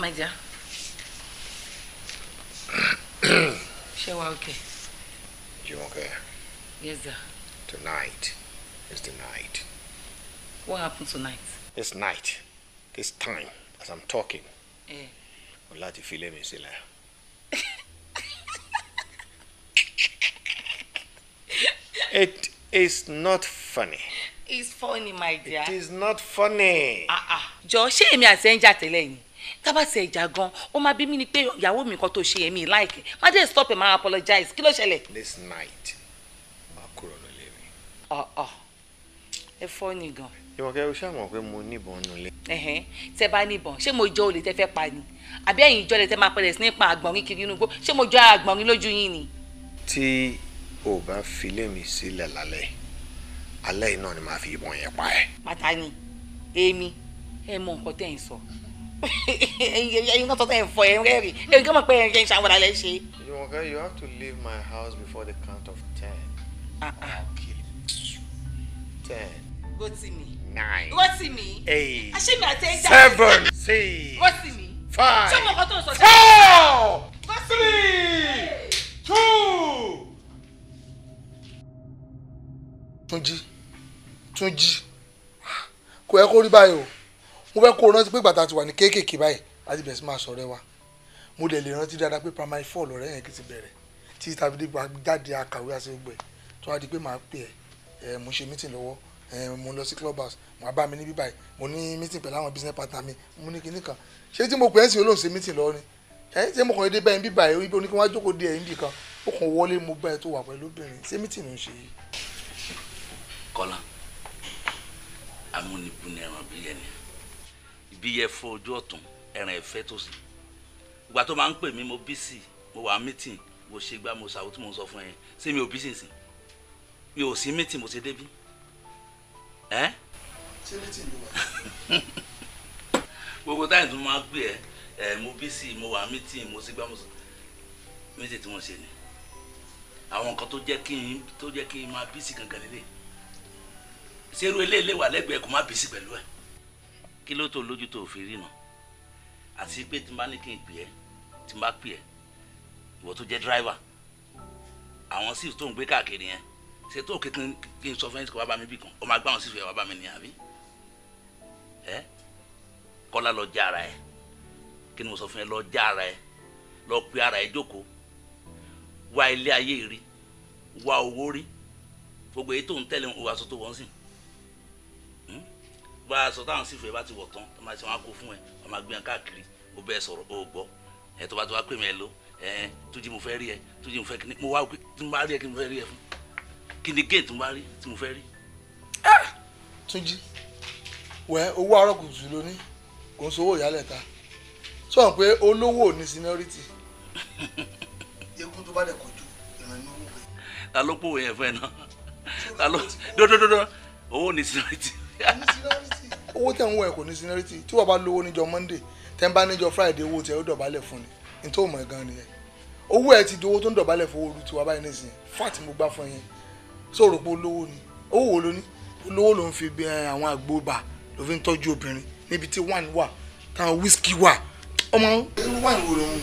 my dear. okay. You okay. Yes, sir. Tonight is the night. What happened tonight? This night, this time, as I'm talking. Eh. Mo láti file lé mi sílẹ̀. It is not funny. It's funny, my dear. It is not funny. Ah ah. Jọ̀ọ́ ṣé èmi àti ẹ̀ ń jà tẹ́lẹ̀ tábàtì ẹ̀jà gan ó máa bí mi ni pé ìyàwó mi kan tó ṣe èmi láìkẹ́ má dé stop ẹ̀ máa apologize kí ló ṣẹlẹ̀. this night máa kúrò nílé mi. ọ̀ọ̀ ah, ah. ẹ fọ́ ni gan. ìmọ̀kẹ́ o ṣáà mọ̀ pé mo níbọn nulẹ̀. ẹ̀hẹ́n tẹ bá níbọn ṣé mo jọ olè tẹ fẹ́ pa ni àbí ẹ̀yin ìjọ lè tẹ máa pẹ̀lẹ̀ sí nípa àgbọ̀nrín kiri inú igbó ṣé mo jọ àgbọ̀nrín lójú yín ni. tí o bá filé mi sílẹ̀ lálẹ́ alẹ́ yìí náà ni màá fi ìbọn yẹn pa ẹ́. pátá ni èmi ẹ mọ nǹkan tẹ́ ń sọ. So ẹ̀yin náà tọ́tẹ̀ ẹ̀fọ́ ẹ̀ rẹ́rìn ẹ̀yin kọ́ mọ̀ pé ẹ̀yin ṣàwọ̀dà lẹ́ ṣe. Jumoke you have to leave my house before the count of ten. Ah, ah. ten. Go see me. nine. Rotimi. eight. aṣèmi àti ẹja. seven. six. Go see me. Five. tó ń sọ. four. three. two. Túnjí Túnjí kò yẹ kó rí báyìí o mo fẹ́ kó o rántí pé gbàtà ti wà ní kéékèèké báyìí láti bẹ̀rẹ̀ sí máa sọ̀rọ̀ ẹ wa mo dẹ̀ lè rántí dáadáa pé primary four lọ́rẹ́ yẹn kì í ti bẹ̀rẹ̀ tí tàbí dé jáde akàwé àti gbogbo ẹ̀ tó wá di pé màá pè ẹ mo ṣe meeting lọ́wọ́ mo lọ sí club house mo bá mi níbí báyìí mo ní meeting pẹ̀lú àwọn business partner mi mo ní kinní kan ṣé tí mo pè é sí olóhùn sí meeting lọ́wọ́ ni ẹ ṣé mo kàn dé báyìí bíbà ẹ oníkan meeting amúnibùnú ẹran bíi ẹni bí ẹfọ ojú ọ̀tún ẹ̀rìn ẹ̀fẹ́ tó sì ìgbà tó máa ń pè mí mo bísì mo wà mítìn mo ṣe gbá mo ṣàwọ́ tí mo sọ fún ẹ ṣé mi ò bísì nsìn mi ò sí mítìn mo ṣe débí ẹ. ṣé mítìn ló wà. gbogbo táyì tó máa gbé ẹ ẹ mo bísì mo wà mítìn mo ṣe gbá mo sọ mítìn tí wọ́n ṣe ni àwọn nǹkan tó jẹ́ kí n tó jẹ́ kí n máa bísì gangan lélẹ̀ ṣé irú eléyìí lè wà lẹ́gbẹ̀ẹ́ kó má bísì pẹ̀lú ẹ̀ kí ló tó lójú tó fi rí nà àti pé tí n bá ní kí n pè ẹ́ tí n bá pè ẹ́ ìwọ tó jẹ́ dráìvà àwọn sífù tó ń gbé káàkiri yẹn ṣe tó kí n sọ fún ẹ kó wá bá mi bì kan ó máa gbá àwọn sífù yẹn wá bá mi nìyà bí ẹ kọ́lá lọ já ara ẹ kí ni mo sọ fún ẹ lọ já ara ẹ lọ pe ara ẹ jókòó wá ilé ayé rí wá owó rí gbogbo èyí tó ń tẹ̀lé òun aṣọ tó wọ́n sìn bá a sọ táwọn sì fẹ́ bá ti wọ̀ tán tó máa ṣe wọn kó fún ẹ wọn máa gbé wọn káàkiri ó bẹ́ẹ̀ sọ̀rọ̀ ó gbọ́ ẹ tó bá tó wá pè mí ẹ ló ẹ Túnjí mo fẹ́ rí ẹ Túnjí mo fẹ́ kí ni mo wá tí mo bá rí ẹ kí ni mo fẹ́ rí ẹ fún kí ni géètì mo bá rí tí mo fẹ́ rí. Túnjí wẹ owó àárọ̀ kùtù lóní kò ń sowó ìyálẹ̀ ta sọ pé olówó ní seniority. egun tó bá dẹ̀ kojú ìrìn owó rẹ̀. ta ló pòwé yẹn fún ẹ náà ta ló dódódódó owó ní seniority owó tẹ̀ ń wọ̀ ẹ̀ kò ní seniority tí wọ́n bá lówó níjọ́ monday tẹ́ ń bá níjọ́ friday owó tẹ̀ ó dọ̀bálẹ̀ fún ni ní tó mọ̀ gan nìyẹn owó ẹ̀ ti di owó tó ń dọ̀bálẹ̀ fún ooru tiwa báyìí nísìnyí fat mo gbá fún yẹn so rò pé olówó ni owó wo ló ní olówó ló ń fi bí eh, àwọn àgbo ló fi ń tọ́jú obìnrin níbi tí wine wà táwọn whisky wà ọmọ wine wo ló ń.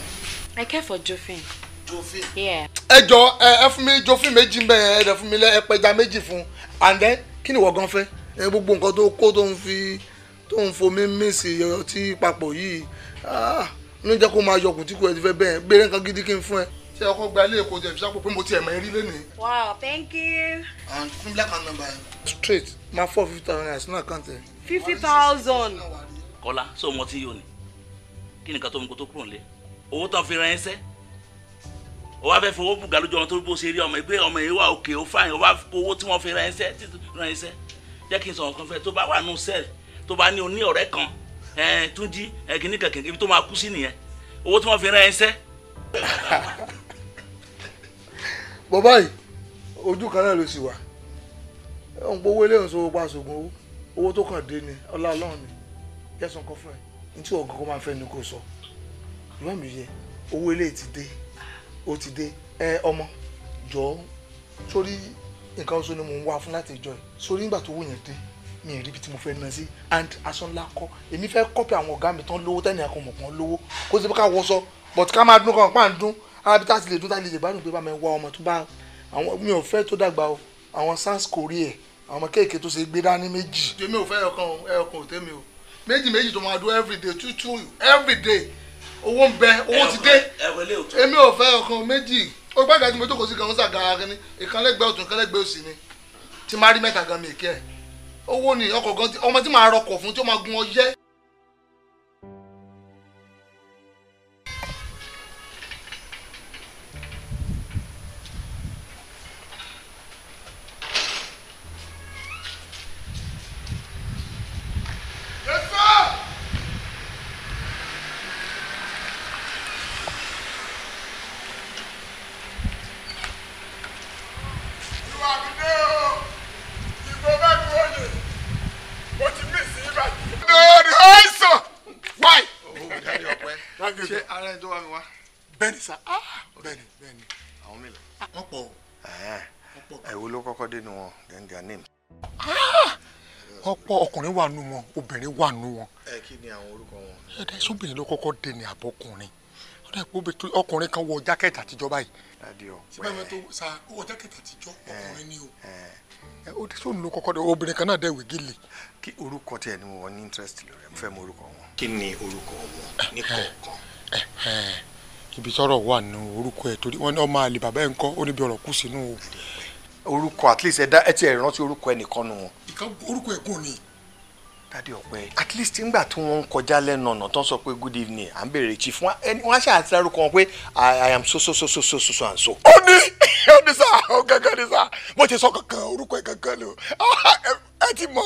I care for Jophine. Jophine. Yeah. ẹ jọ ẹ fún mi Jophine méjì mbẹ ẹ dẹ fún mi lẹ ẹ pẹja méjì fún and then kí ni ìwọ gan fẹ́ gbogbo nǹkan tó kó tó ń fi tó ń fomi mísì ọtí papọ̀ yìí ní ah, jẹ́ kó máa yọkùn tí kò ẹ fẹ́ bẹ́ẹ̀ gbére nǹkan gidi kí n fún ẹ. ṣé ọkọ gba ilé èkó jẹ ìfisápò pé mo ti ẹ̀mọ́ eré lẹ́nu. wow thank you. and ah, fún black and number straight máa fọ́ fifty thousand naira sínú àkáǹtì ẹ̀. fifty thousand. kọ́lá ṣé o mọ tí yóò ní kí nìkan tó ń kó tó kúrò nílé owó tán fi ran ẹsẹ́ o wá fẹ́ fowó bùgà lójú ọmọ tó bó ṣe rí ọmọ ìgbé ọmọ ìwà òkè ó fáyìn o wá owó tí wọ́n fi ran ẹsẹ́ jẹ́ kí n sọ̀rọ̀ kan fẹ́ tó bá wà nù sẹ́ẹ̀lì tó bá ní oní ọ̀rẹ́ kan túnjí kìíní kankan ibi tó máa kú sí nìyẹn owó tí wọ́n fi rán ẹ ṣẹ́. bàbá yìí ojú kan náà ló sì wà òun gbowó ilé òun sọ pa owó owó tó kàn dé ni ọlá ọlọ́run ni yẹ́sàn kan fún ẹ ní tí ọ̀gá kan máa fẹ́ ni kò sọ ìwọ́n mi yẹ owó ilé ti dé ó ti dé ẹ ọmọ jọ̀ọ́ sórí nǹkan ọ̀ṣun ni mò ń wá fún láti ìjọ ẹ̀ sórí nígbà tó wù yẹn dé mi ì rí ibi tí mo fẹ́ ná sí and aṣọ ńlá kọ́ èmi fẹ́ kọ́pì àwọn ọ̀gá mi tán lówó tẹ́nìyàn kan mọ̀ kan lówó kó sì ká wọṣọ but ká máa dún kan pàǹ dún arábí tá a ti lè dún tá a lè lè bá dùn pé bá mi wá ọmọ tó bá àwọn mi ò fẹ́ tó dàgbà o àwọn sans kori àwọn ọmọ kéèké tó ṣe gbé dání méjì. èmi ò fẹ́ ẹ̀kan ẹ̀kan òtẹ́ mi o méjì méjì tó máa dún everyday two two everyday owó ń bẹ owó ti dé èmi ò fẹ́ ẹ̀kan méjì ó gbá ìgbà tí mo jókòó sí gan ó sàgà kínní ìkan lẹ́gbẹ̀ẹ́ ọ̀tún ìkan òsì ni tí máa rí mẹ́ta gan mi kẹ́ ẹ̀ owó ni ọkọ̀ gan ọmọ tí màá rọkọ̀ fún tí ó máa gun ọyẹ́ dèbò. ṣé ara ẹni tó wá mi wá. bẹ́ẹ̀ni sá bẹ́ẹ̀ni ah! bẹ́ẹ̀ni. àwọn mi lọ. Ah, wọ́n pọ̀ o. ẹ̀wò ló kọ́kọ́ dé nu wọn gẹ́gẹ́ name. Ah! wọ́n pọ̀ ọkùnrin wà nù wọn obìnrin wà nù wọn. ẹ kí ni àwọn orúkọ wọn. ẹ dẹ́ sóbìnrin ló kọ́kọ́ dé ni àbọ̀kùnrin ọdẹ kó ọkùnrin kan wọ jákẹ́tì àtijọ́ báyìí. dadi ọpẹ mi tó sa wọ jákẹ́tì àtijọ́ ọkùnrin ni o. ẹ o ti sóun ló kọ́kọ́ dé obìnrin kan náà dẹ̀ wígìlì. kí orúkọ tiẹ̀ ni mo wọ ní interest lórí ẹ̀ mo fẹ́ mọ orúkọ wọn kí ni orúkọ wọn ní eh, kọ̀ọ̀kan. Eh, eh, ibi tọ́rọ̀ wà nù orúkọ ẹ torí wọn ní ọmọ àlè bàbá ẹ ń kọ ó níbi ọ̀rọ̀ kù sínú o. orúkọ at least ẹ dá ẹ ti ẹ rántí orúkọ ẹnìkan nù wọn. orúkọ ẹ gùn ni. dádì ọpẹ at least nígbà tí wọn ń kọjá lẹ́nu ọ̀nà tó ń sọ pé good evening à ń bèrè chief wọn á ṣe àtìlárúkọ wọn pé i am so so so so so so so and so. ó ní ó ní sá ó gángan ní sá bó ti sọ kankan orúkọ ah, ẹ kankan lò ẹ ti mọ̀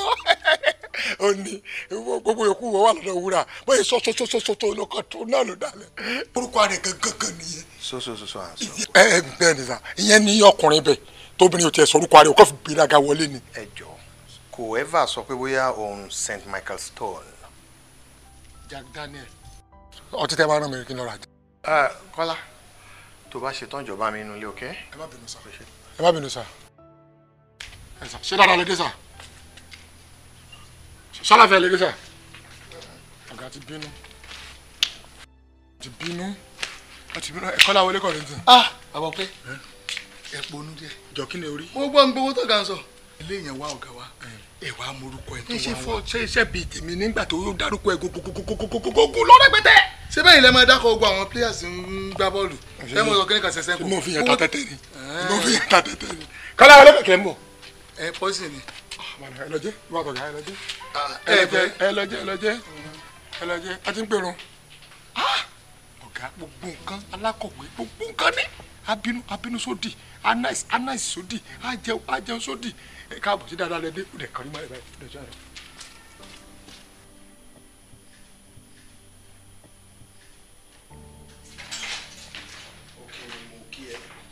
ó ní gbogbo yòókù wọ́n wà lọ́dọ̀ wúrà bóyá sọ sọ sọ sọ tó lọkọ tó náà ló dalẹ̀ orúkọ rẹ̀ gangan nìyẹn. so so so so à ń sọ. ẹ ẹ bẹ́ẹ̀ ni sa ìyẹn ní ọkùnrin bẹ́ẹ̀ tóbìnrin ò tiẹ̀ sọ orúkọ rẹ̀ ò kọ́ fi gbéraga wọlé ni. ẹ jọ kò ẹ́fà sọ pé bóyá òun St Michael Stone. Jack Daniel ọtí tẹ bá rán mi kí n lọ rà jẹ. Kọ́lá tó bá ṣetán ìjọba mi inú ilé òkè. ẹ má bínú sá ẹ má bínú sá ẹ sá ṣé dáadáa ṣálàfẹ́ lè rí sà ọ̀gá ti bínú ti bínú àti bínú ẹ̀kọ́ làwọn olókọ̀ rẹ̀ ń tàn. ah àbọ̀ pé ẹ ponú díẹ̀. jọ kí ni orí. mo gbọ́ ń gbowó tó ga ń sọ. ilé yẹn wá ọ̀gá wa ẹ wá morúkọ ẹ tó wá wá. ṣé iṣẹ́ bíi tèmi nígbà tó dárúkọ ẹ gògògògògògògò lọ́dẹ́gbẹ̀tẹ̀. ṣé bẹ́ẹ̀ ilẹ̀ máa dákọ̀ ogun àwọn ni mo fi yàn ni. kọ́lá olókè kẹ́ ń bọ̀. ni ẹ lọ jẹ ìwà àtọ̀gá ẹ lọ jẹ ah, ẹ lọ jẹ ẹ lọ jẹ ẹ lọ jẹ a ti ń pèrún ah! ọ̀gá gbogbo nǹkan alákọ̀wé gbogbo nǹkan ní abínú abínú sódì anáìsì anáìsì sódì ajẹun ajẹun sódì ẹ káàbọ̀ sí dáadáa lẹ́dẹ́ ó dẹ̀ kàn ní mọ́ ẹ báyìí ó dẹ̀ jẹ́ àná.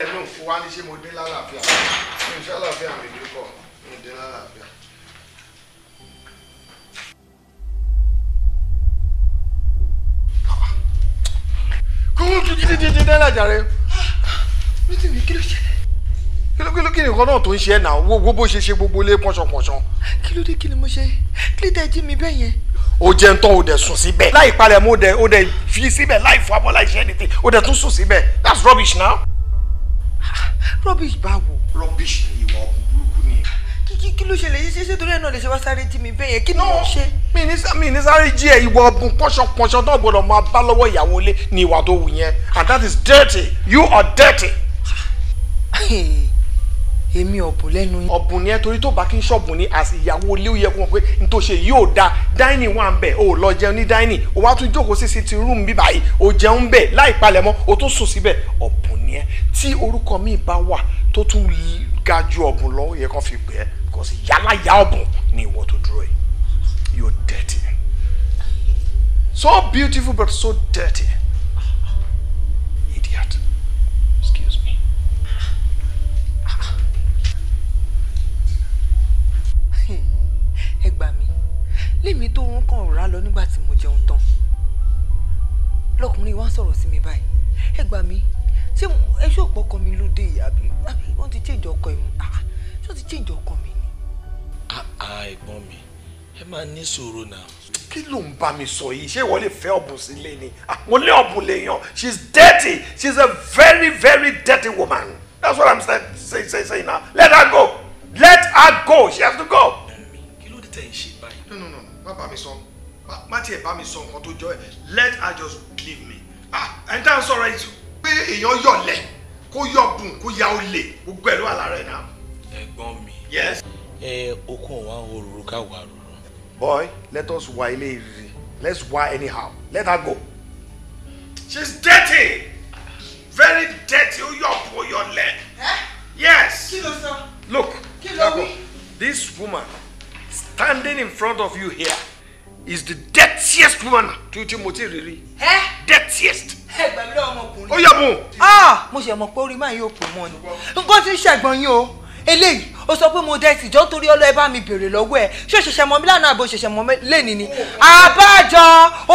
ẹnu fún wa ní ṣé mo dín lálàáfíà ṣé mo ṣe àlàáfíà mi dín kọ mo dín lálàáfíà. kówó gidigidi náírà jàre. nítorí kí ló ṣẹlẹ̀. kí ló kí ló kí nìkan náà tó ń ṣe ẹ̀ náà wo bó ṣe ṣe gbogbo ilé pọ̀ṣọ̀pọ̀ṣọ̀. kí ló dé kí ni mo ṣe kí ló dé jí mi bẹ́ẹ̀ yẹn. o jẹ ntọ́ o dẹ̀ sùn síbẹ̀ láì palẹ̀ mo dẹ̀ o dẹ̀ fi síbẹ̀ láì fọ abọ́ láì ṣe anything o dẹ̀ tún sùn síbẹ̀ that's rubbish now. Ah, rubbish báwo. rubbish ìwọ kí ló ṣẹlẹ̀ yìí ṣe torí ẹ̀ náà lè ṣe wá sáré jí mi bẹ́ẹ̀ yẹn kí ni mo ṣe. mi ní sáré jí ẹ ìwà ọ̀bùn pọ́ṣọpọ́ṣọ náà gbọ́dọ̀ máa bá lọ́wọ́ ìyàwó ilé ni ìwà tó wù yẹn and that is dirty you are dirty. èmi ọ̀bùn lẹ́nu yín. ọ̀bùn ni ẹ torí tó bá kí n ṣọ̀bùn ni àti ìyàwó ilé ó yẹ kó mọ̀ pé n tó ṣe yìí ò da dining wà ń bẹ̀ o lọ jẹun ní dining o wá tún jókòó sí sitting room bí báyìí o jẹun bẹ̀ láì palẹ̀ o tún sùn síbẹ̀ ọ̀bùn ni ẹ tí orúkọ mi bá wà tó tún ga ju ọ̀bùn lọ yẹ kàn fi pè é because yálà yá ọ̀bùn ni ìwọ tó dúró yìí e. you are dirty so beautiful but so dirty idiot excuse me. ẹ gbà mí lèmi tó ń kàn rà lọ nígbà tí mo jẹun tán lọkùnrin wa ń sọ̀rọ̀ sí mi báyìí ẹ gbà mí ṣé ẹ ṣó pọkàn mi ló dé yìí àbí wọ́n ti jẹ́ ìjọ ah, ọkọ mi ṣó ti jẹ́ ìjọ mi ẹ̀gbọ́n mi ẹ máa ní sùúrù náà. kí ló ń bá mi sọ yìí ṣé ìwọ lè fẹ́ ọ̀bùn sílé ni àwọn ah, ilé ọ̀bùn lèèyàn she's dirty she's a very very dirty woman that's what i'm saying say, say, say now let her go let her go she has to go. kí ló dé tẹ̀ ṣe báyìí. no no no má bá mi sọ má tiẹ̀ bá mi sọ nǹkan tó jọ ẹ let her just leave me ah ẹni tá à ń sọ̀rọ̀ yìí pé èèyàn yọ̀lẹ̀ kó yọ̀bùn kó ya olè gbogbo ẹ̀ ló wà lára ẹ̀ náà. ẹ̀gbọ́n mi. yes ẹ okun wa ń hororo ká wà boy let us wá ilé rere let's wá anyhow let her go. she's dirty very dirty ó yọ ọ̀pọ̀ ó yọ yes. kí sọ. look kí ló this woman standing in front of you here is the dirtiest woman tí o riri. mo ti rí rí. dirtiest. ẹ gbàgbé ọmọkùnrin. ó yẹ mu. Ah! mo ṣe mọ̀ pé orí máa yóò kù mọ́ ni nǹkan tí ń ṣẹ̀gbọ́n yín o eléyìí o sọ pé mo dẹ́sì jọ́ nítorí ọlọ́ ẹ bá mi bèrè lọ́wọ́ ẹ ṣé òṣèṣẹ́ mọ́ mi lánàá àbò òṣèṣẹ́ mọ́ mi lẹ́ni ni àbájọ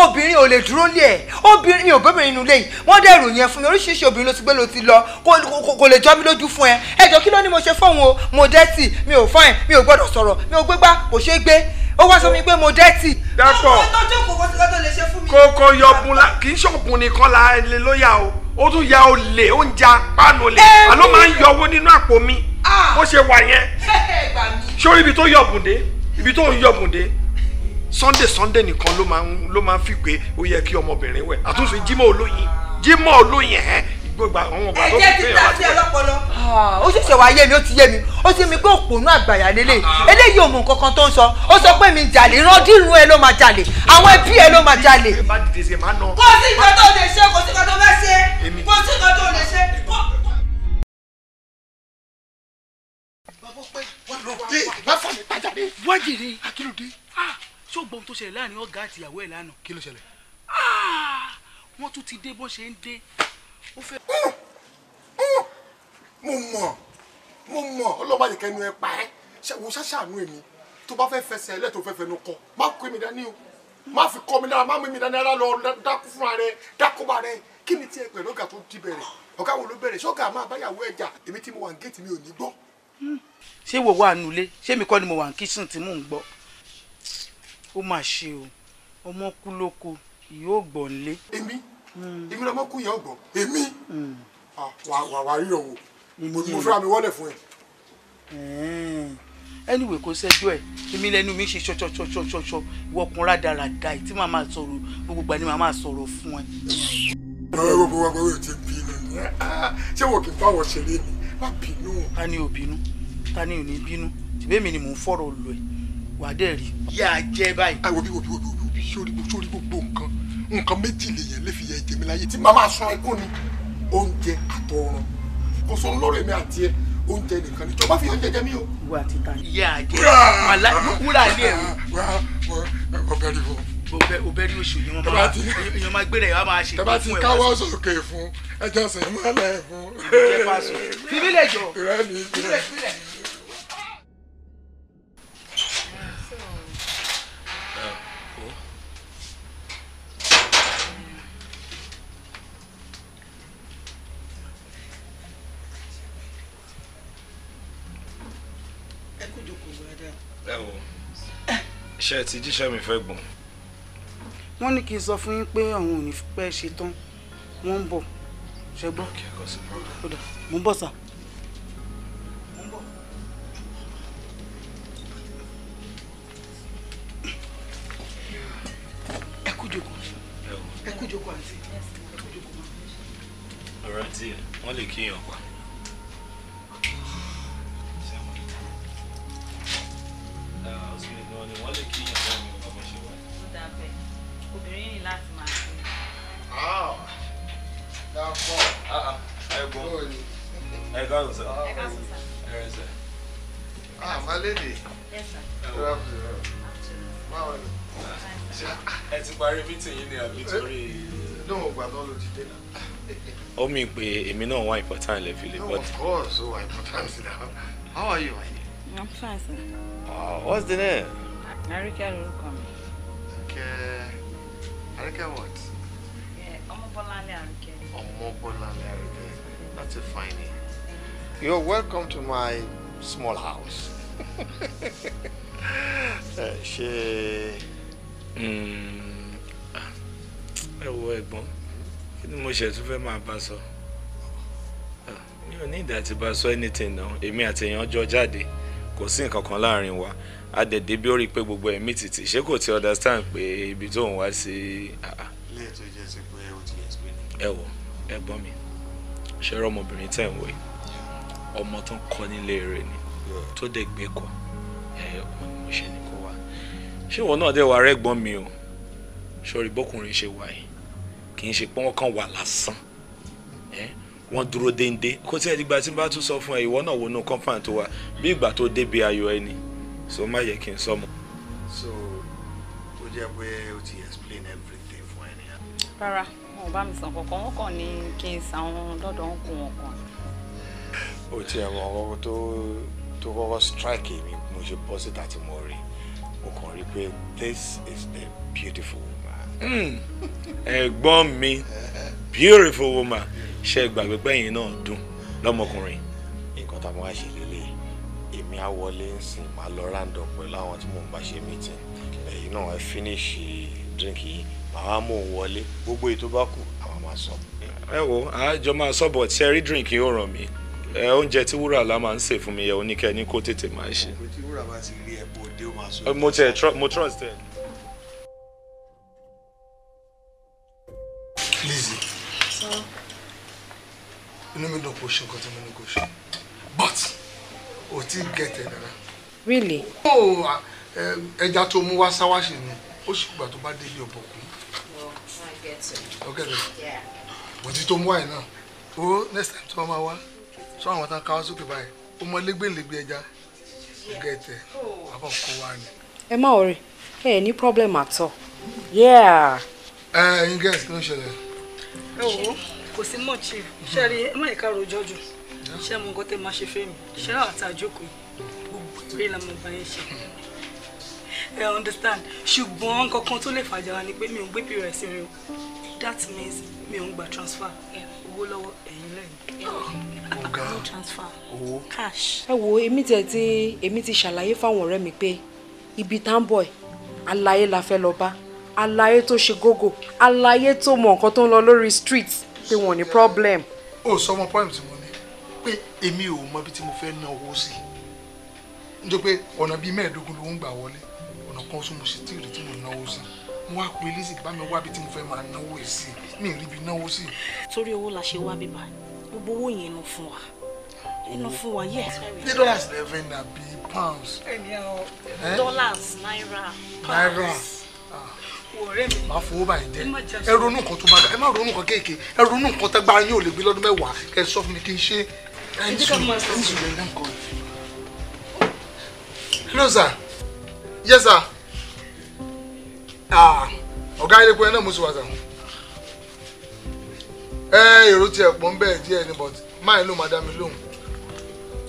obìnrin ò lè dúró lé ẹ̀ obìnrin mi ò bẹ́bìnrin inú lẹ́yìn wọ́n dẹ̀ ròyìn ẹ fún mi oríṣiríṣi obìnrin ló ti gbé ló ti lọ kò lè jọ mi lójú fún ẹ ẹjọ́ kí ló ní mo ṣe fóun o mo dẹ́sì mi ò fọ́ìn mi ò gbọ́dọ̀ sọ̀rọ̀ mi ò gbégbá kò ṣeé gbé ó wá sọ mi pé mo dẹ́tì. dapò kókó yọbun la kì í ṣọ̀bùn nìkan la lè lóya o ó tún ya olè ó ń ja páànù olè àló máa ń yọwọ́ nínú àpò mi bó ṣe wà yẹn sórí ibi tó yọ̀bùn dé ibi tó yọ̀bùn dé sunday sunday nìkan ló máa ń ló máa ń fi pé ó yẹ kí ọmọbìnrin wẹ̀ àtúnṣe jímọ̀ olóyin jímọ̀ olóyin ẹ̀ gbogbo àwọn ọba tó fi fẹ́ràn láti wẹ̀. ó ṣẹ̀ṣẹ̀ wá yé mi ó ti yé mi ó ti mi pé òpònú àgbàyà lélẹ̀ eléyìí ò mọ nǹkan kan tó ń sọ ó sọ pé mi jalè ìrandíìrún ẹ ló máa jalè àwọn ẹbí ẹ ló máa jalè. kò sí nǹkan tó lè ṣe kò sí nǹkan tó fẹ́ ṣe kò sí nǹkan tó lè ṣe. wájìrè. wájìrè. akílódé. Ah, ṣé o gbọ́ ohun tó ṣẹlẹ̀ láàrin ọ̀gá àti ìyàwó ẹ̀ lánàá. kí ló ṣẹlẹ̀. Ah, wọ́n tún ti dé bó ṣe ń dé. ó fẹ́. mo mọ̀ mo mọ̀ ọlọ́wà yìí kẹ́nu ẹ pa ẹ́ ṣàwọn ṣàṣàánú èmi tó bá fẹ́ fẹsẹ̀ ẹ lẹ́tọ̀ọ́ fẹ́ fẹnu kọ má kó èmi dání o má fi kọ́ mi dára má mú èmi dání ara lọ dákú fúnra rẹ dákúbà rẹ kí ni tiẹ̀ pẹ̀lú ọ̀gá tó ti bẹ̀rẹ̀ ọ̀gá wo ló bẹ̀rẹ̀ ṣọ́gà máa báyàwó ẹ̀ jà èmi tí mo wà ń géètì mi ò ní gbọ́ ṣé wo wà nulẹ̀ ṣé mi kọ́ ni mo wà ní kíṣìn tí mò ń gbọ́ ó mà ṣe o ọmọ kú lóko yóò gbọ̀ nílé. èmi èmi lọmọ kú yẹn ò èmi wà wà rí òwò mo fẹ́ mi wọ́lẹ̀ fún ẹ. anyway kò sẹ́jọ́ ẹ̀ èmi lẹ́nu mi ṣe ṣọṣọṣọṣọṣọ wọkùn rádaràda yìí tí màá máa sọ̀rọ̀ gbogbo gbà ni màá máa sọ̀rọ̀ fún ẹ. ọ̀rọ̀ gbogbo wa gbogbo ètò ìbí ni ṣé wò kí n bá ṣeré ni má bínú. ta ni ò bínú ta ni ò ní bínú tìbẹ́ mi ni mò ń fọ̀rọ̀ lọ ẹ̀ wà á dẹ̀ rí. yà á jẹ báyìí. àwọn bí wòbí wòbí wòbí sórí sórí gbogbo nǹkan nǹkan méjì lèèyàn lè fi yẹ jẹmi láyé tí màmá sọ ẹ ni oúnjẹ àtọrun kò sọ lọ́rọ̀ èmi àti ẹ oúnjẹ nìkan ni jọba fi oúnjẹ jẹ mí o. ìwà àti ta ni. yà á jẹ wàhálà wúrà ilé ẹ̀ wò obẹ̀rí oṣù ni wọ́n máa èèyàn máa gbé rẹ̀ wá máa ṣe fún ẹ̀ wá. tẹ́bá ti káwọ́ sókè fún ṣe ti jíṣẹ́ mi fẹ́ gbọ̀n wọ́n ní kí n sọ fún yín pé àwọn ò ní pẹ́ ṣe tán wọ́n ń bọ̀ ṣẹ́gbọ́n mo ń bọ̀ sà. mi pé èmi náà wá important level le but. of course o oh, wa important now how are you my dear. i'm fine sir. Uh, what's the name. arike lorúkọ mi. arike arike what. ọmọbọláńlé arike. ọmọbọláńlé arike that's a fine name. you're welcome to my small house. She. Eh, ṣe. Mm, ẹ wo ẹ̀gbọ́n ni mo ṣe tún fẹ́ máa bá sọ ah, mi ò ní ìdá tí bá sọ anything náà èmi àtẹ̀yàn jọ jáde kò sí nǹkan kan láàrin wa a dẹ̀ dé bí ó rí i pé gbogbo ẹ̀mí tìtì ṣé kò ti understand pé ibi tó ń wá sí. Ah, ah. ilé ètò ìjẹ́ explain. ẹ wò ẹ̀gbọ́n mi ṣe rọ ọmọbìnrin tẹ̀ ń wò yìí ọmọ tó ń kọ́ nílé rẹ̀ ni tó dẹ̀ gbé kọ́ ẹ̀ ọmọ ni mo ṣe ní kó wá ṣé ìwọ náà dẹ̀ wà rẹ́gbọ́n mi o ṣòrí bọ́kùnrin ṣe wà yìí kì í ṣe pé kàn wà lásán wọ́n dúró déńdé kó tí ẹ̀dígbà tí bá tún sọ fún ẹ ìwọ náà wọnú compound tó wà bí ìgbà tó débi ayọ̀ ẹni so má yẹ kí n sọ mọ́. so ó jẹ́ pé o ti explain everything fún ẹni. rárá wọn ò bá mi sàn kankan wọn kàn ní kí n san àwọn lọ́dọ̀ ń o ti ẹ̀ mọ̀ ọkọ tó tó kọ́kọ́ strike mi mo ṣe bọ́ síta tí mo rí mo rí pé this is a beautiful Hmm. ẹ̀gbọ́n mi beautiful woman ṣe gbàgbé pẹ́yìn náà dùn lọ́mọkùnrin. nǹkan tá a máa ṣe lélẹ̀ èmi á wọlé ń sìn máa lọ ráńdọ̀ pẹ̀lú àwọn tí mò ń bá ṣe meeting ẹ̀yin náà ẹ finish eh, drink yìí màá mò ń wọlé gbogbo èyí tó bá kù àwọn máa sọ. ẹ wo àjọ máa sọ bọ̀ tí ẹ rí drink yìí ó ràn mí oúnjẹ tí wúrà la máa ń sè fún mi yẹ oníkẹ́ ní kó tètè máa ṣe. mo tẹ̀ trust ẹ. inú mi dùn kó ṣe nǹkan tí mo ní kó ṣe but ò tí ì gẹ̀tẹ̀ dára. really. ó ẹja tó mú wá sáwáṣì ni ó sì gbà tó bá débi ọ̀bọ̀kú. ọ̀gẹ̀dẹ̀ òtí tó mú wáyé náà ó next time tí wọ́n máa wá sọ àwọn tán káwá sókè báyìí ó mọ lẹ́gbẹ̀lẹ́gbẹ̀ ẹja gẹ̀tẹ̀ àbọ̀ oh. kó wá ni. ẹ má worry ẹ ní problem at all. ẹ̀yin gẹ̀ẹ́sì ló ń ṣẹlẹ̀. ẹ wò ó kò sí mọ̀ọ́chì ṣe rí ẹ rojọ́ jù ṣe mọ nǹkan tẹ máa ṣe fẹ́mi ṣe àti àjókòó gbogbo ẹ̀ la mo bá yẹn ṣe ẹ understand ṣùgbọ́n kankan tó lè fàjà wa ni pé mi ò gbé pos rẹ o that means mi ò gba transfer owó lọ́wọ́ ẹ̀yìn lẹ́yìn ọ̀gá owó cash. ẹ wo èmi tẹ ti èmi ti ṣàlàyé fáwọn ọ̀rẹ́ mi pé ibi tá ń bọ̀ ẹ̀ àlàyé la fẹ́ lọ bá àlàyé tó ṣe gógó àlàyé tó mọ nǹkan tó ń lọ lórí street pé wọn ò ní problem. o sọ ọmọ problem tí mo ní pé èmi ò mọ ibi tí mo fẹ́ ná owó sí n jọ pé ọ̀nà bíi mẹ́ẹ̀ẹ́dógún ló ń gbà wọlé ọ̀nà kan sún mo sì tí ìrètí mo náwó sí mo wá pe lizzy bá mi wá ibi tí mo fẹ́ máa náwó ẹ̀ sí mi ì rí ibi náwó sí. torí owó la ṣe wá bíbá gbogbo owó yẹn nu fún wa nínú fún wa yẹ. ní dọ́là sí lẹ́fẹ̀ẹ́ nàbí pounds. dọ́là náírà. náírà máa fowó báyìí jẹ ẹ ronú nǹkan tó bá dà ẹ má ronú nǹkan kéèké ẹ ronú nǹkan tẹ gbára yín ò lè gbé lọ́dún mẹ́wàá kẹ sọ fún mi kí n ṣe ẹ ń yes sir ah ọ̀gá ilé pẹ́ náà mo sì wà sàn. ẹ èrò tiẹ̀ pọ̀ ń bẹ́ẹ̀ díẹ̀ ni but máa ló máa dá mi lóhùn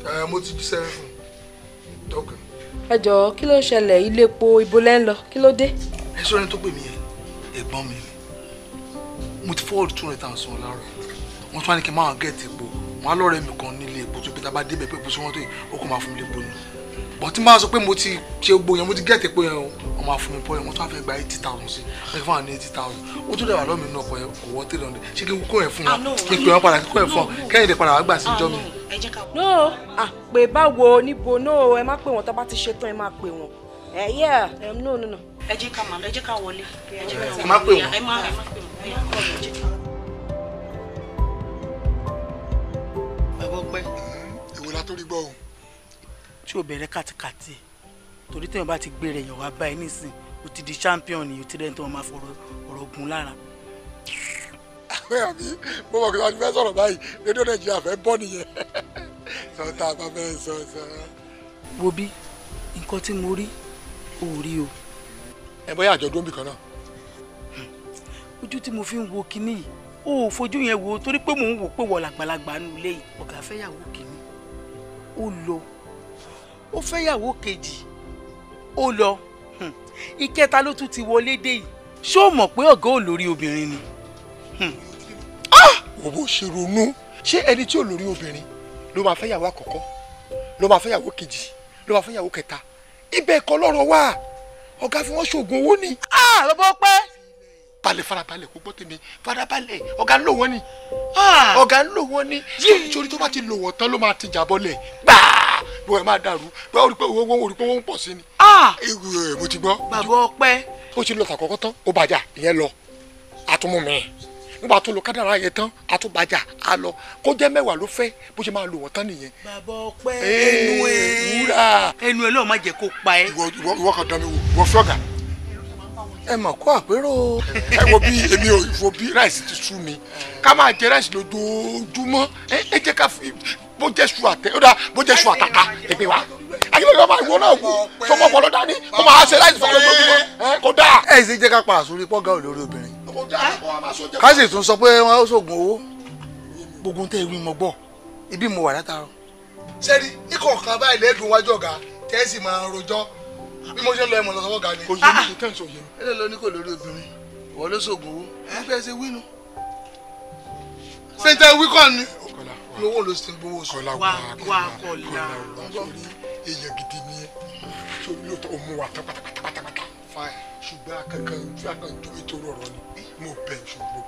ẹ mo ti jíṣẹ́ fún un. ẹ jọ̀ọ́ kí ló ń ṣẹlẹ̀ ilé epo ibo lẹ́ kí ló dé ẹ sọ ẹni tó pè mí yẹn ẹ̀gbọ́n mi ni mo ti fọwọ́dù two hundred thousand wọn láàárọ̀ tún wá ní kí n máa gẹ̀ẹ́tì epo wọn á lọ́ọ̀rẹ́ mi kan nílé epo tó pé tá a pé epo sí wọn tó yìí ó kò máa fún mi lépo ni bọ́n tí n bá sọ pé mo ti ṣe gbogbo yẹn mo ti gẹ̀ẹ́tì epo yẹn o máa fún mi pọ́ yẹn wọn tún wá fẹ́ gba eighty thousand sí wọn fún wa ní eighty thousand ó tún dẹ̀ wà lọ́ọ̀mì náà kọ̀ yẹn kò wọ́ three hundred ṣé kí n kó yẹn fún wọn kí n pè wọn padà kó yẹn fún wọn kẹ́yìn dẹ̀ padà wá gbà sí ìjọ mi. no ah báwo níbo no ẹ má pè wọn tó bá ti ṣetán ẹ má pè wọn ẹ yẹ ẹ um, no no no ẹ jẹ́ ká máa lọ ẹ jẹ́ ká wọlé ẹ jẹ́ ká wọlé ẹ má pè wọ́n ẹ má pè wọ́n. bàbá ọpẹ èwo la tó rí gbọ́ o. tí o bẹ̀rẹ̀ kàtìkàtì torí tẹ́wọ̀n bá ti gbére èèyàn wá báyìí nísìn o ti di champion ni o ti rẹ́ni tí wọ́n máa fọ̀rọ̀ ọ̀rọ̀ gun lára. àwọn àmì mo mọ̀ kí wọ́n ti fẹ́ sọ̀rọ̀ báyìí rédíò nàìjíríà fẹ́ bọ́ nìyẹn sọ́tà bàbá ẹ̀ wo bí nǹkan tí mo rí ò rí o ẹ bóyá àjọ̀dún bìkan náà. ojú tí mo fi ń wo kinní yìí o ò fojú yẹn wo torí pé mò ń wò pé wọ́n làgbàlagbà nù ilé yìí ọ̀gá fẹ́yàwó kinní ó lọ ó fẹ́yàwó kejì ó lọ hmm. ìkẹta ló tún ti wọlé dé yìí ṣé o mọ̀ pé ọ̀gá ò lórí obìnrin ni. Hmm. Ah! wò bó ṣe ronú ṣé ẹni tí ò lórí obìnrin ló máa fẹ́yàwó àkọ́kọ́ ló máa fẹ́yàwó kejì ló máa fẹ́yàwó kẹta ibẹ̀ kọ́ lọ́rọ̀ wà ọ̀gá fi wọ́n ṣoògùn owó ni. ah bàbá ọpẹ́. balẹ̀ farabalẹ̀ kó gbọ́ tèmi farabalẹ̀ ọ̀gá ń lò wọ́n ni ọ̀gá ń lò wọ́n ni torí tó bá ti lò wọ́n tán ló máa ti jàbọ́lẹ̀ gbàá bí wọ́n máa dàrú bí wọ́n rí pé owó ń pọ̀ sí ni. ah mo ti gbọ́. bàbá ọpẹ́. ó ti lọ tàkọ́kọ́ tán ó bàjá ìyẹn lọ àtúmọ̀ mi nígbà tó lo kádàrá yẹn tán a tún lọ kó jẹ́ mẹ́wàá ló fẹ́ bó ṣe máa lò wọ́n tán nìyẹn. bàbá ọpẹ ẹnu ẹ ẹnu ẹ lọ́ọ́ má jẹ́ kó pa ẹ́. ìwọ kan dán mi wò ìwọ fúlọ́gà ẹ mọ̀ kó àpérò ẹ wo bí èmi ò fo bí ráìsì ti sú mi ká máa jẹ ráìsì lójoojúmọ́ ẹ jẹ́ ká fi bó jẹ́ su àtẹ ó dáa bó jẹ́ su àtàtà èpè wá ayélujára ọba ìwọ náà wò sọmọ ọpọlọ dání ó máa ṣe ráìsì fún ọ kó dáa. ẹ ṣe jẹ́ ká pa àsórí pọ́gà olórí obìnrin. Ah. ká sì tún sọ pé wọn ó ṣoògùn owó gbogbo tẹ ìwé mọ gbọ ibi mo wà látàrọ. sẹ́ni ikọ̀ kan báyìí lẹ́dùn wájú ọ̀gá tẹ́sí máa ń rojọ́ bí mo ṣe ń lọ ẹ̀mọ̀ lọ́sọ̀wọ́ ọ̀gá ni. kò yẹ kí tẹ̀ ń sọ yẹn. ẹlẹ́ ló ní kò lórí obìnrin wọ́n ló ṣoògùn owó wọ́n fẹ́ ṣe wí nu. ṣé tẹ wí kọ́ ni. lówó ló ti ń gbowó sọ. kọ́lá wà kọ́lá wà sórí èèyàn gidi ni ẹ sórí lóòótọ́ òun wà tán pátápátá ṣùgbọ́n akẹ́kọ̀ọ́ ojú akẹ́kọ̀ọ́ nítorí ọ̀rọ̀ ni mo bẹ̀ ṣùgbọ́n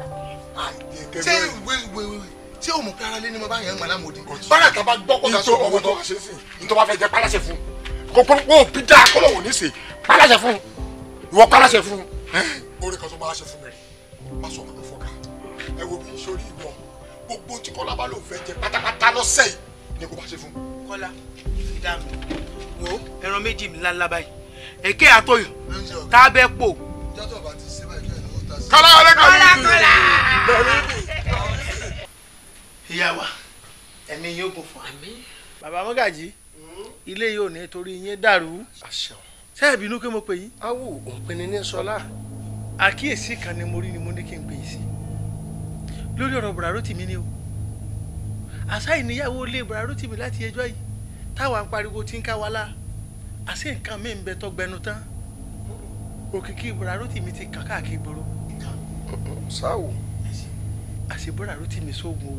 àti ah, kápá. ṣé wíwíwí tí o mọ̀ pé ara lé ní mo bá yẹn ń màlá mo di. bára kaba gbọ́ kó ka sọ ọmọ tó ṣe tó bá fẹ́ jẹ pálásẹ̀ fún kó kó bí dáa kó lọ́wọ́ ní sè pálásẹ̀ fún ìwọ pálásẹ̀ fún. orí kan tó bá ṣe fún mi má sọ ọmọ fọkà ẹ wo bí sórí ìwọ gbogbo tí kọ́lá bá lò fẹ́ jẹ pátápátá lọ́sẹ̀ yìí ni kò bá ṣe fún. kọ́lá ìdá mi wo ẹran méjì ńláńlá báyìí èké àtọyọ tábẹ́ pò. jọ́tọ̀ bá ti ṣe kọ́lá wọlé kọ́lá kọ́lá. ìyá wa ẹ̀mí yóò gùn fún mi. bàbá mọ́gàjì hmm? ilé yóò ní torí yín dàrú. sẹ́ẹ̀bì inú kí mo pè yín. awo òpin ní sọlá. àkíyèsí kan ni mo rí ni mo ní kí n pè yín sí lórí ọ̀rọ̀ bùràró tì mí ni o àṣà ìníyàwó ilé bùràró tì mí láti ẹjọ́ yìí táwa ń pariwo tí ń ká wa lá àṣé nǹkan mi ń bẹ tọgbẹnu tán òkìkí bùràró tì mí ti kàn káàkiri gbòòrò sáwò àṣebọ́ra ló ti mi sóògùn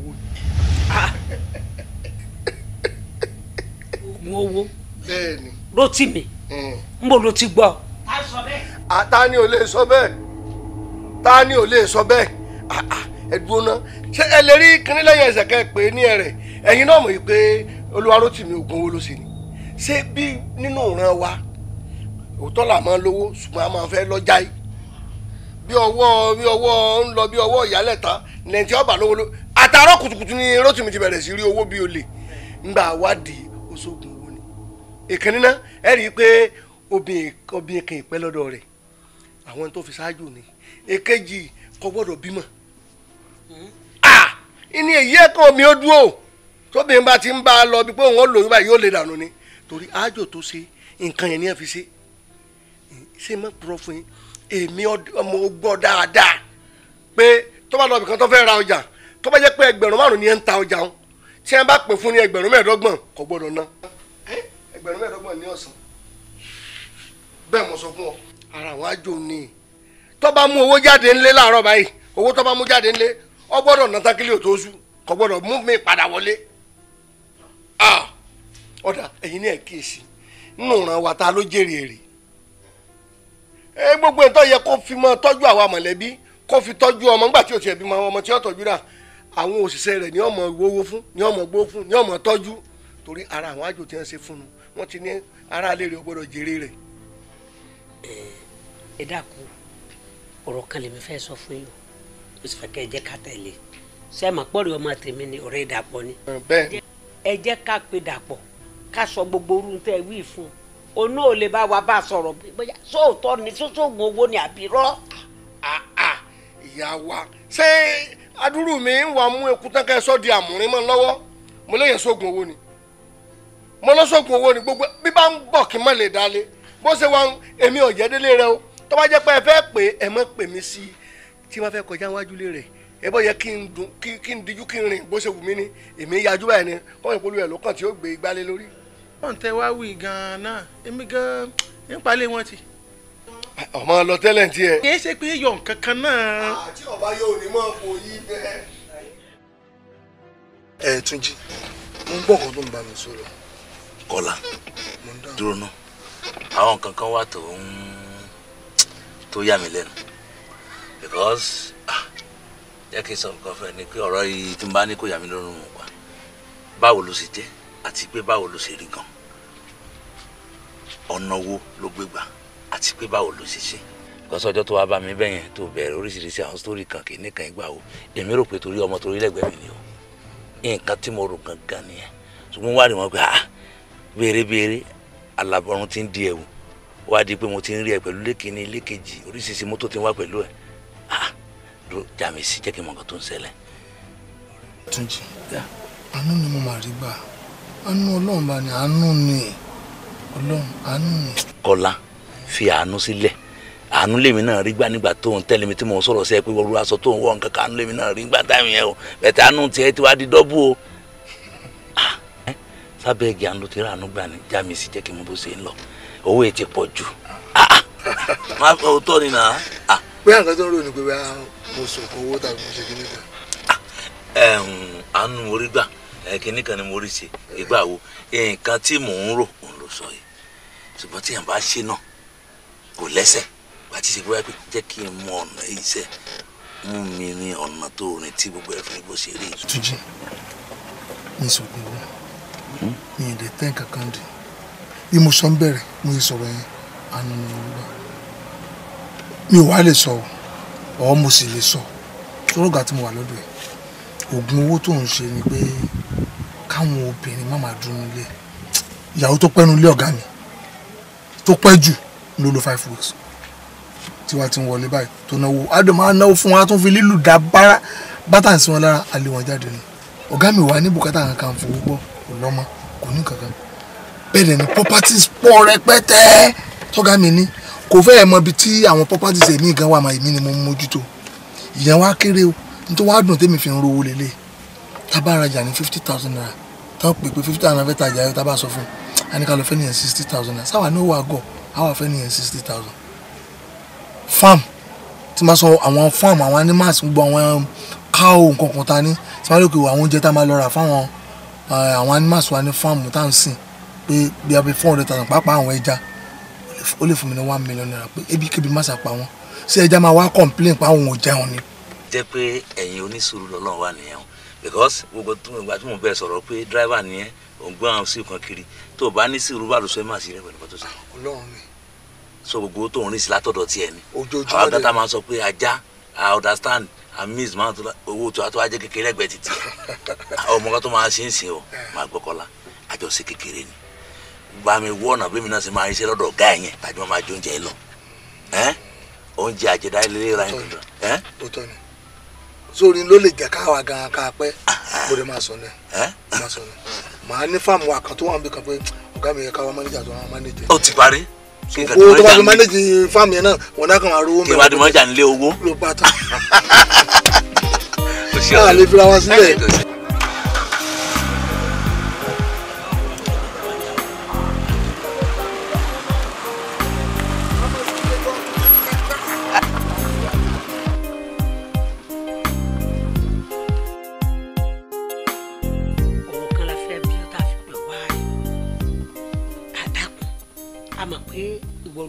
owó oògùn owó bẹ́ẹ̀ni ló tì mí n bò ló ti gbọ́. ta ni ò lè sọ bẹ́ẹ̀ ta ni ò lè sọ bẹ́ẹ̀ ẹ̀dùn náà ṣé ẹ lè rí kinní lẹ́yìn ẹsẹ̀ kẹ́ ẹ pé ní ẹ̀rẹ̀ ẹ̀yin náà mọ̀ yìí pé Olúwarótìmí oògùn owó ló sì ni ṣé bí nínú ìran wa òótọ́ là máa lówó ṣùgbọ́n a máa fẹ́ lọ́jà yìí bí ọwọ́ bí ọwọ́ ń lọ bí ọwọ́ ìyálẹ̀ta ọba lówó ló kutukutu kùtùkùtù ni rotimi ti bẹ̀rẹ̀ sí rí owó bí olè ńgbà wádìí oṣoògùn owó ni ìkànnì náà ẹ rí i pé obìnrin kan ìpẹ́ lọ́dọ̀ rẹ̀ àwọn tó fi ṣáájú ni èkejì kò gbọ́dọ̀ bímọ. ìní èyí ẹ̀kọ́ mi ó dúró tóbìnrin bá ti ń bá a lọ bí pé òun ó lòyún báyìí yóò lè dànù ni torí ájò tó ṣe nǹkan yẹn ni ẹ fi ṣe ṣe má èmi ọmọ gbọ́ dáadáa pé tó bá lọ ibìkan tó fẹ́ ra ọjà tó bá jẹ́ pé ẹgbẹ̀rún márùn ni ẹ ń ta ọjà wọn tí ẹ bá pè fún ní ẹgbẹ̀rún mẹ́ẹ̀ẹ́dọ́gbọ̀n kò gbọ́dọ̀ ná ẹgbẹ̀rún mẹ́ẹ̀ẹ́dọ́gbọ̀n ní ọ̀sán bẹ́ẹ̀ mo sọ fún ọ ara àwọn àjò ni tó bá mú owó jáde ńlé láàárọ̀ báyìí owó tó bá mú jáde ńlé ọ gbọ́dọ̀ ná tákìlì ò tó sú kò gbọ́dọ̀ mú mi padà wọlé ọ̀dà ẹ̀yin ní ẹ̀ kíyèsí nínú ìran wa ta ló jèrè èrè gbogbo ẹ̀ tó yẹ kó fi awa tọ́jú àwa mọ̀lẹ́bí kó fi tọ́jú ọmọ nígbà tí o tiẹ̀ bímọ osise ọmọ tí wọ́n tọ́jú rà àwọn òṣìṣẹ́ rẹ̀ ní ọmọ owó fún ní ọmọ gbó fún ní ọmọ tọ́jú torí ara àwọn àjò tí wọ́n ṣe fún un ti ní ara lè rí jere gbọ́dọ̀ jèrè rẹ̀. ẹ dákun ọ̀rọ̀ kan lèmi fẹ́ sọ fún o sì fẹ́ kẹ́ ẹ jẹ́ ká tẹ̀lé ṣé ọmọ tèmi ni ọ̀rẹ́ ni onú ò lè bá wa bá sọ̀rọ̀ bóyá sóòótọ́ ni sósògùn owó ni àbí rọ́. Ah, ah, ìyá wa ṣé adúrú mi ń wà mú eku tán ká ẹ sọ di àmúrin mọ́ lọ́wọ́ mo lè yẹn sóògùn owó ni mo lọ sóògùn owó ni gbogbo bí bá ń bọ̀ kí n má lè dalẹ̀ bó ṣe wà èmi ọ̀jẹ́ délé rẹ o tó bá jẹ́ pé ẹ fẹ́ pè ẹ mọ́ pè mí sí i tí wọ́n fẹ́ kọjá wájú lé rẹ̀ ẹ bọ́ yẹ kí n dùn kí n díjú kí n rìn bó ṣe wù mí ni èmi yájú báyìí ni wọ́n yẹ polówó ẹ̀ lọ́kàn tí ó gbé igbá lé lórí wọ́n tẹ́ wá wí gan-an èmi gan-an nípa ilé wọn ti. ọmọ lọ tẹ́lẹ̀ tí ẹ. kì í ṣe pé yọ nǹkan náà. àti ah, ọba yóò ní mọ kò yí bẹ́ẹ̀. ẹ Túnjí mo ń gbọ́ tó ń bá mi sọ̀rọ̀. Kọ́lá dúró náà àwọn nǹkan kan wà tó ń tó yà mí lẹ́nu because ah, jẹ́ kí n sọ nǹkan fẹ́ ni pé ọ̀rọ̀ yìí tí n bá ní kò yà mí lọ́rùn pa báwo ló sì jẹ́ àti pé báwo ló ṣe rí gan ọ̀nà wo ló gbé gbà àti pé báwo ló ṣe ṣe kọsọjọ tó wá bá mi bẹyẹn tó bẹ̀rẹ̀ oríṣiríṣi àwọn sítórì kan kì í nìkan ìgbà o èmi rò pé torí ọmọ torí lẹ́gbẹ̀ẹ́ mi ni o nǹkan tí mo rò gangan nìyẹn ṣùgbọ́n wá rí wọn pé ah béèrè-béèrè alábọ̀rún ti ń di ẹ̀wù wá di pé mo ti ń rí ẹ pẹ̀lú lékiní lékejì oríṣiríṣi mọ́tò ti ń wá pẹ̀lú ẹ ah jẹ́ kí mọ̀ nǹkan tó ń ṣẹlẹ̀. Túnjí ni mo máa rí gbà àánú ọlọ́run bá ní àánú ni ọlọ́run àánú ni. kọ́lá fi àánú sílẹ̀ àánú lèmi náà rí gbà nígbà tó ń tẹ́lẹ̀ mi tí mò ń sọ̀rọ̀ sí ẹ pé wọ́n rúra sọ tó ń wọ̀ nǹkan kan àánú lèmi náà rí gbà táyà yẹn o bẹ̀tẹ̀ àánú tiẹ̀ ti wá di dọ́bù o. sábẹ́ ẹ̀gì àánú ti rà àánú gbà ní já mi sí jẹ́ kí n bó ṣe ń lọ owó ètè pọ̀ jù. má fọ òótọ́ ni nà. pé àǹkan tó ń rò ní pé mo sòkò owó tàbí mo ṣe kí níta. àánú orí gbà kínní kan ni mo rí ṣe ìgbà wo nǹkan tí mò ń rò òun ló sọ yìí ṣùgbọ́n tí yẹn bá ṣe náà kò lẹ́sẹ̀ àti ṣe bóyá pé jẹ́ kí n mọ ọ̀nà iṣẹ́ mú mi ní ọ̀nà tó rìn tí gbogbo ẹ̀fọn ìbò ṣe rí. Túnjí mi sọ̀gbìn wo hmm? mi ì lè tẹ́ kan dì bí mo sọ ń bẹ̀rẹ̀ mo yẹ sọ̀rọ̀ yẹn àná ni mo gbà mi ò wá lè sọ ọ́ mo sì lè sọ sọ́rọ́gà tí mo wà lọ́dọ̀ ẹ̀ oògùn owó tó ń ṣe ni pé káwọn obìnrin má máa dùn nílé ìyàwó tó pẹ́ nulẹ̀ ọ̀gá mi tó pẹ́ jù ló lo five weeks tiwa ti ń wọlé báyìí tó náwó adùn máa náwó fún wa tó fi lílù dá bára bátà sí wọn lára àlè wọn jáde ni ọ̀gá mi wà ní bùkátà kankan fowó gbọ́ kò lọ́mọ kò ní kankan bẹ́ẹ̀ dẹ̀ ni properties pọ̀ rẹpẹtẹ tọ́gá mi ní kò fẹ́ẹ̀ mọ ibi tí àwọn properties èmi gan wà máa èmi ni mo mójútó ìyẹn wá kéré o nítorí wàá dùn tèmi fi ń rówó lélẹ̀ tábà rajà ní fifty thousand naira táwọn pè pé fifty thousand naira fẹ́ tajà yóò tábà sọ fún un àníkàlọ́ fẹ́ nìyẹn sixty thousand naira sáwà ní òwò àgọ́ àwọn afẹ́ nìyẹn sixty thousand farm tí ma sọ àwọn farm àwọn animals gbogbo àwọn um, cow nǹkan kan ta ní tí wọ́n lè kó àwọn oúnjẹ tá a máa lọ rà fáwọn eh, àwọn animals wa ní farm tá à ń sìn pé bí a bẹ four hundred thousand pàápàá àwọn ẹja ó lè fún mi ní one million naira pé ebi kébi má sàpà wọn ṣé ẹja máa wá complain pa àwọn ò jẹun ni jẹ́ pé ẹ̀yin onísùúrù lọ́lọ́run wà nìyẹn o because gbogbo ìgbà tí mo bẹ sọ̀rọ̀ pé driver nìyẹn òun gbọ́n àwọn sí kan kiri tó o bá ní sùúrù bá lọ sọ ẹ́ máa sí rẹ pẹ̀lú pàtó sí. Ọlọ́run mi. so gbogbo tó ń rìn sí látọ̀dọ̀ tiẹ̀ ni àwọn agbátá máa ń sọ pé ajá i understand i miss máa tó owó tó a tó ajẹ́ kékeré ẹgbẹ́ títì ọmọ kan tó máa ṣe ń sìn o máa gbọ́kọ́lá àjọṣe kékeré ni bá mi wọ́ ọ̀nà bí mi náà ṣe máa ṣiṣẹ́ lọ́dọ̀ ọ̀gá yẹn tàbí wọ́n máa jóúnjẹ lọ oúnjẹ àjẹdá ilé ra ẹ̀ sórí ló lè jẹ́ káwa gan ká pẹ́ mo ah, lè máa sọ ní máa sọ ní màá ní fáàmù àkàn tó wà níbi kan pé ọ̀gá mi yẹ káwa mánéjà tó wà mánéjà. ó ti parí. owó tó bá fi mánéjì fáàmù yẹn náà wọn náà kàn máa rówó mẹ́rin. kí wàá di mọ́jà nílé owó. ló bá tán. náà lè fira wa sílẹ̀.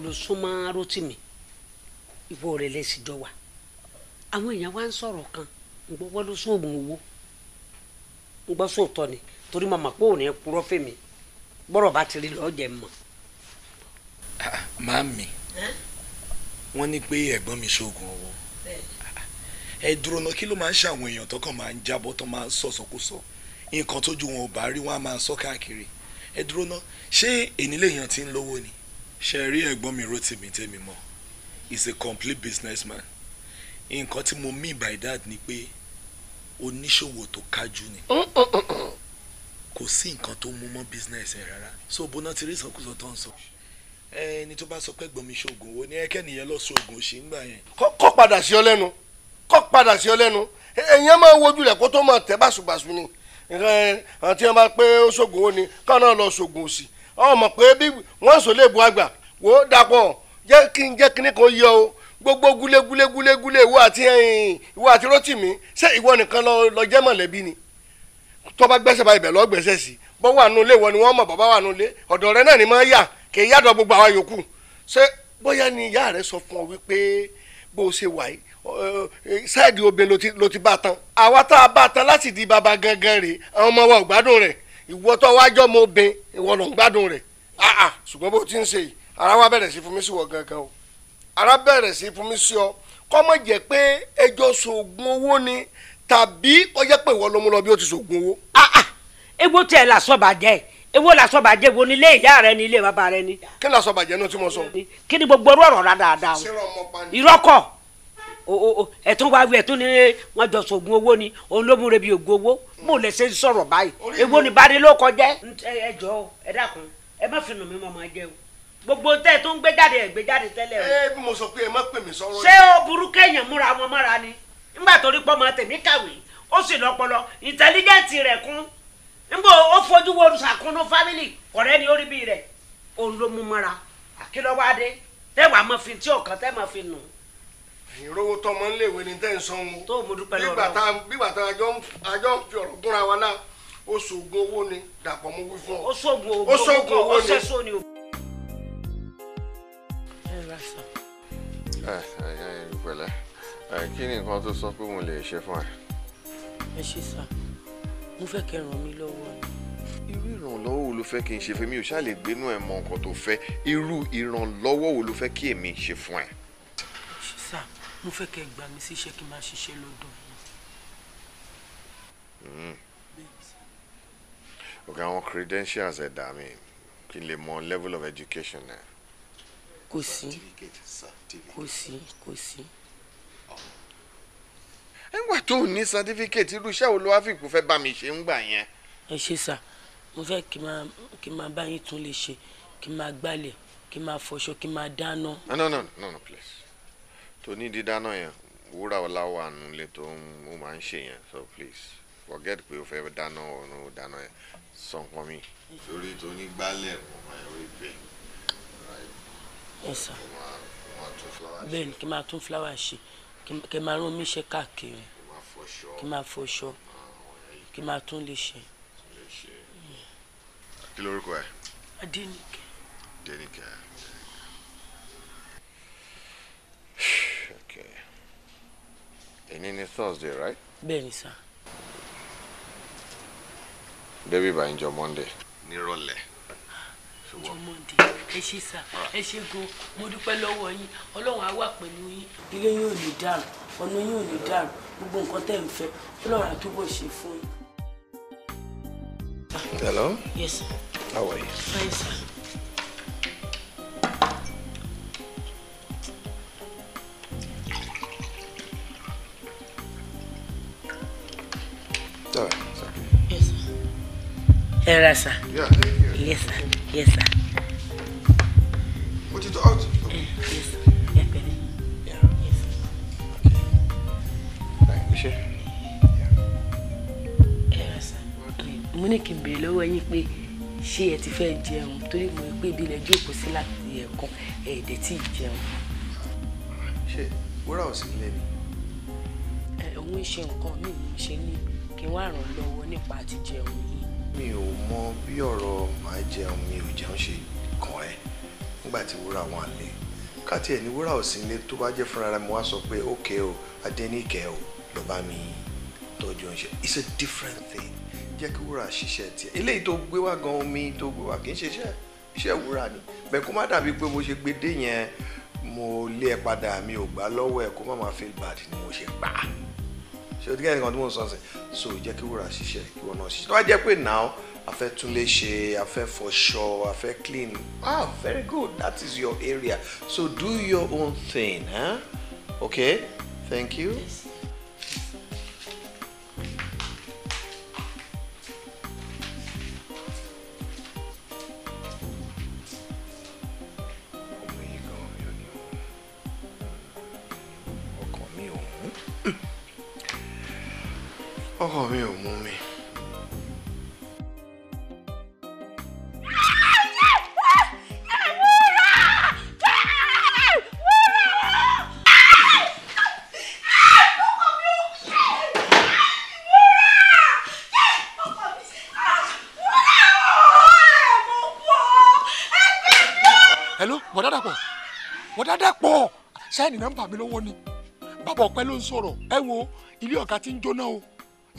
ló súnmọ́ Rótìmí ìwọ rẹ̀ lẹ́sìn jọ wà àwọn èèyàn wá ń sọ̀rọ̀ kan ǹgbọ́ wọ́n ló sóògùn owó ǹgbọ́ sóòtọ́ ni torí mo mọ̀ pé òun yẹn purọ́ fèmí bọ́rọ̀ bá ti rí lọ́jẹ̀ mọ̀. Ah, ah, màámi wọ́n ní pé ẹ̀gbọ́n mi sóògùn owó ah, ẹ dúró náà kí ló máa ń ṣàwọn èèyàn tó kàn máa ń jábọ́ tó máa ń sọ̀sọ̀kúsọ nǹkan tójú wọn ò bá rí wọn á máa sọ káàkiri ẹ dúró náà ṣé ènìlẹ̀ ti ń lówó ni ṣẹ̀rí ẹ̀gbọ́n mi Rotimi tèmi mọ̀ He's a complete businessman nǹkan tí mo mean by that ni pé oníṣòwò tó kájú ni oh, oh, oh, kò sí nǹkan tó mú mọ́ business ẹ̀ rárá so bona ti rí ìsọkúsọ tó ń sọ ẹni tó bá sọ pé ẹ̀gbọ́n mi ṣoògùn owó ní ẹkẹ́nìyẹn lọ ṣoògùn òṣì ń gbà yẹn. kọ́ padà sí ọ lẹ́nu kọ́ padà sí ọ lẹ́nu èèyàn máa wojú rẹ̀ kó tó máa tẹ̀ báṣubàṣu ni àti ẹ̀ máa pé ó ṣoògùn owó ni káwọn náà lọ ṣoògùn òṣì ọmọ pé bí wọ́n sọ lè bu àgbà wò ó dàpọ̀ jẹ́ kí n jẹ́ kíní kan yọ o gbogbo gúlégúlégúlégúlé ìwọ àti ìwọ àti Rótìmí ṣé ìwọ nìkan lọ jẹ́ mọ̀lẹ́bí ni tó bá gbẹ́sẹ̀ bá ibẹ̀ lọ gbẹ́sẹ̀ sí bọ́ wà nulẹ̀ ìwọ ni wọ́n mọ̀ bàbá wà nulẹ̀ ọ̀dọ̀ rẹ náà ni máa yà kì í yàdọ̀ gbogbo àwọn yòókù ṣé bóyá ni ìyá rẹ sọ fún ọ wípé bó o ṣe wà yìí ṣáàdì obìnrin ló ti bá tán àwa tá a bá tán láti di baba gangan rèé àwọn ọmọ wa ò gbádùn rẹ̀ ìwọ tó wájọ́ mo bin ìwọ ló ń gbádùn rẹ̀ àà ah, ah, ṣùgbọ́n bó ti ń ṣe yìí ara wa bẹ̀rẹ̀ sí fún mi sí wọ gangan o ara bẹ̀rẹ̀ sí fún mi sí ọ kọ́mọ jẹ́ pé ẹjọ́ ṣoògùn owó ni tàbí ó jẹ́ pé ìwọ ló mú lọ bí ó ti ṣoògùn owó. àà ah, ewo tẹ làṣọbàjẹ́ ewo làṣọbàjẹ́ wo ni ilé ìyá rẹ ni ilé bàbá rẹ ni. kí làṣọbàjẹ́ náà tí mo sọ. kí ni gbogbo orú ọ̀rọ̀ rà dáadáa o. irọ́ kọ́ ẹ̀tún wá wí ẹ̀tún ní wọ́n jọ sògùn owó ni òun ló múre bíi ògùn owó mò lè ṣe ń sọ̀rọ̀ báyìí èwo ni bari ló kọjá. ẹ jọ o ẹ dákun ẹ má fi nù mí mọ́ máa jẹ o gbogbo tẹ tó ń gbé jáde ẹ gbé jáde tẹ́lẹ̀ o. ẹ bí mo sọ pé ẹ má pè mí sọ̀rọ̀ yìí. ṣé o burú kéèyàn múra wọn mọ́ra ni nígbà tó rí pọ́mọ tèmi kàwé ó sì lọ́pọlọ ìtẹ́lígẹ́ǹtì rẹ̀ kún nígbà ó fojú wo sàkúnú fámìlì ọ̀rẹ́ ni ó rí bí rẹ̀ òun àkìlọ́wádé tẹ́wàá mọ́ fi tí ọ̀kan tẹ́ mọ́ fi nù. No ìrówó tọmọ ń léèwé ni tẹ́ ń san o. tó mo dúpẹ́ lọ́dọ̀. bígbà tá bígbà tá ń fi ọ̀rọ̀ gúnra wa náà ó ṣoògùn owó ni dàpọ̀ mo wí fún ọ. ó ṣoògùn owó ó ṣoògùn owó ni. ẹ ẹ ẹ ẹ kí ni nǹkan tó sọ pé mo lè ṣe fún ẹ. ẹ ṣe sá mo fẹ́ kẹ́ ràn mí lọ́wọ́ irú ìrànlọ́wọ́ wo ló fẹ́ kí n ṣe fún mi ò ṣáà lè gbénú ẹ̀ mọ nǹkan tó fẹ́ irú ìrànlọ́wọ́ wo ló fẹ́ kí èmi ṣe fún ẹ mo fẹ́ kẹ́ gbà mí síṣẹ́ kí n máa ṣiṣẹ́ lọ́dọ̀ yìí. ọ̀gá hmm. àwọn credentials ẹ̀ dà mí kí n lè mọ level of education ẹ̀. kò sí kò sí kò ah. sí. nígbà tó o ní certificate irú iṣẹ́ wo ló wá fìkú fẹ́ bá mi ṣe ń gbà yẹn. ẹ ṣe sà mo fẹ́ kí n máa bá yín tún lè ṣe kí n máa gbálẹ̀ kí n máa fọṣọ kí n máa dáná. Ah, no no no no please tó ní dídáná yẹn wúrà ọlá wà nílé tó ń máa ń ṣe yẹn so please forget pé o fẹ́ dáná ọ̀nà dáná yẹn sọ nǹkan mi. torí tó ní gbálẹ̀ mo máa rí bẹ́ẹ̀. ẹ sà bẹ́ẹ̀ ni kí n máa tún fúláwà ṣe kí n máa rún omi ṣe káàkiri kí n máa fọṣọ kí n máa tún lè ṣe. Mm. kí lorúkọ ẹ. Adénìkẹ́. Adénìkẹ́. okay èyí ni thursday right. bẹ́ẹ̀ni sir. david banjo monday. nírọ̀lẹ́. Ah, jọ monday Nirole. ṣé sá ah. ẹ ṣé gan mo dúpẹ́ lọ́wọ́ yín ọlọ́run á wà hello. yes sir. how are you. fine sir. Error, sir. Yeah, thank Yes, sir. Yes, sir. Put it out. yes, Yes. Thank you, sir. Error, sir. Mo ní kí n béèrè lọ́wọ́ yín pé ṣé ẹ ti fẹ́ jẹun torí mo rí pé ibi ilẹ̀ jókòó sí láti ẹ̀kan ẹ̀ẹ́dẹ̀ tí ì jẹun. Ṣé wúrà ò sí ilé ni? Ẹ̀ òun ṣe nǹkan mi ò ń ṣe ní kí n wá ràn lọ́wọ́ nípa àti jẹun yìí mi ò mọ bí ọ̀rọ̀ màá jẹun mi ò jẹun ṣe kàn ẹ́ nígbà tí wúrà wọn àlè káàtì ẹ̀ ní wúrà ò sí ilé tó bá jẹ́ fúnra mi wá sọ pé ókè o adẹ́nìkẹ́ o ló mi tọ́jú ọ̀ṣẹ́ it's a different thing jẹ́ kí wúrà ṣiṣẹ́ tiẹ̀ eléyìí tó gbé wá gan omi tó gbé wá kì í ṣiṣẹ́ iṣẹ́ wúrà ni bẹ́ẹ̀ kó má dàbí pé mo ṣe gbé dé yẹn mo lé ẹ padà mi ò gbà lọ́wọ́ ẹ kó má má feel bad ni mo ṣe gbà á ṣé o ti gẹ́gẹ́ nǹkan tí mò ń sọ ṣe so jẹ́ kí wúrà ṣiṣẹ́ kí wọ́n náà ṣiṣẹ́ tó bá jẹ́ pé now a tún lè ṣe a fọṣọ a clean ah very good that is your area so do your own thing huh? okay thank you. Yes. ọkọ mi ò mú mi. ṣáìnì nọ́mbà mi lọ́wọ́ ni bàbá ọpẹ ló ń sọ̀rọ̀ ẹ wo ilé ọ̀gá ti ń jóná o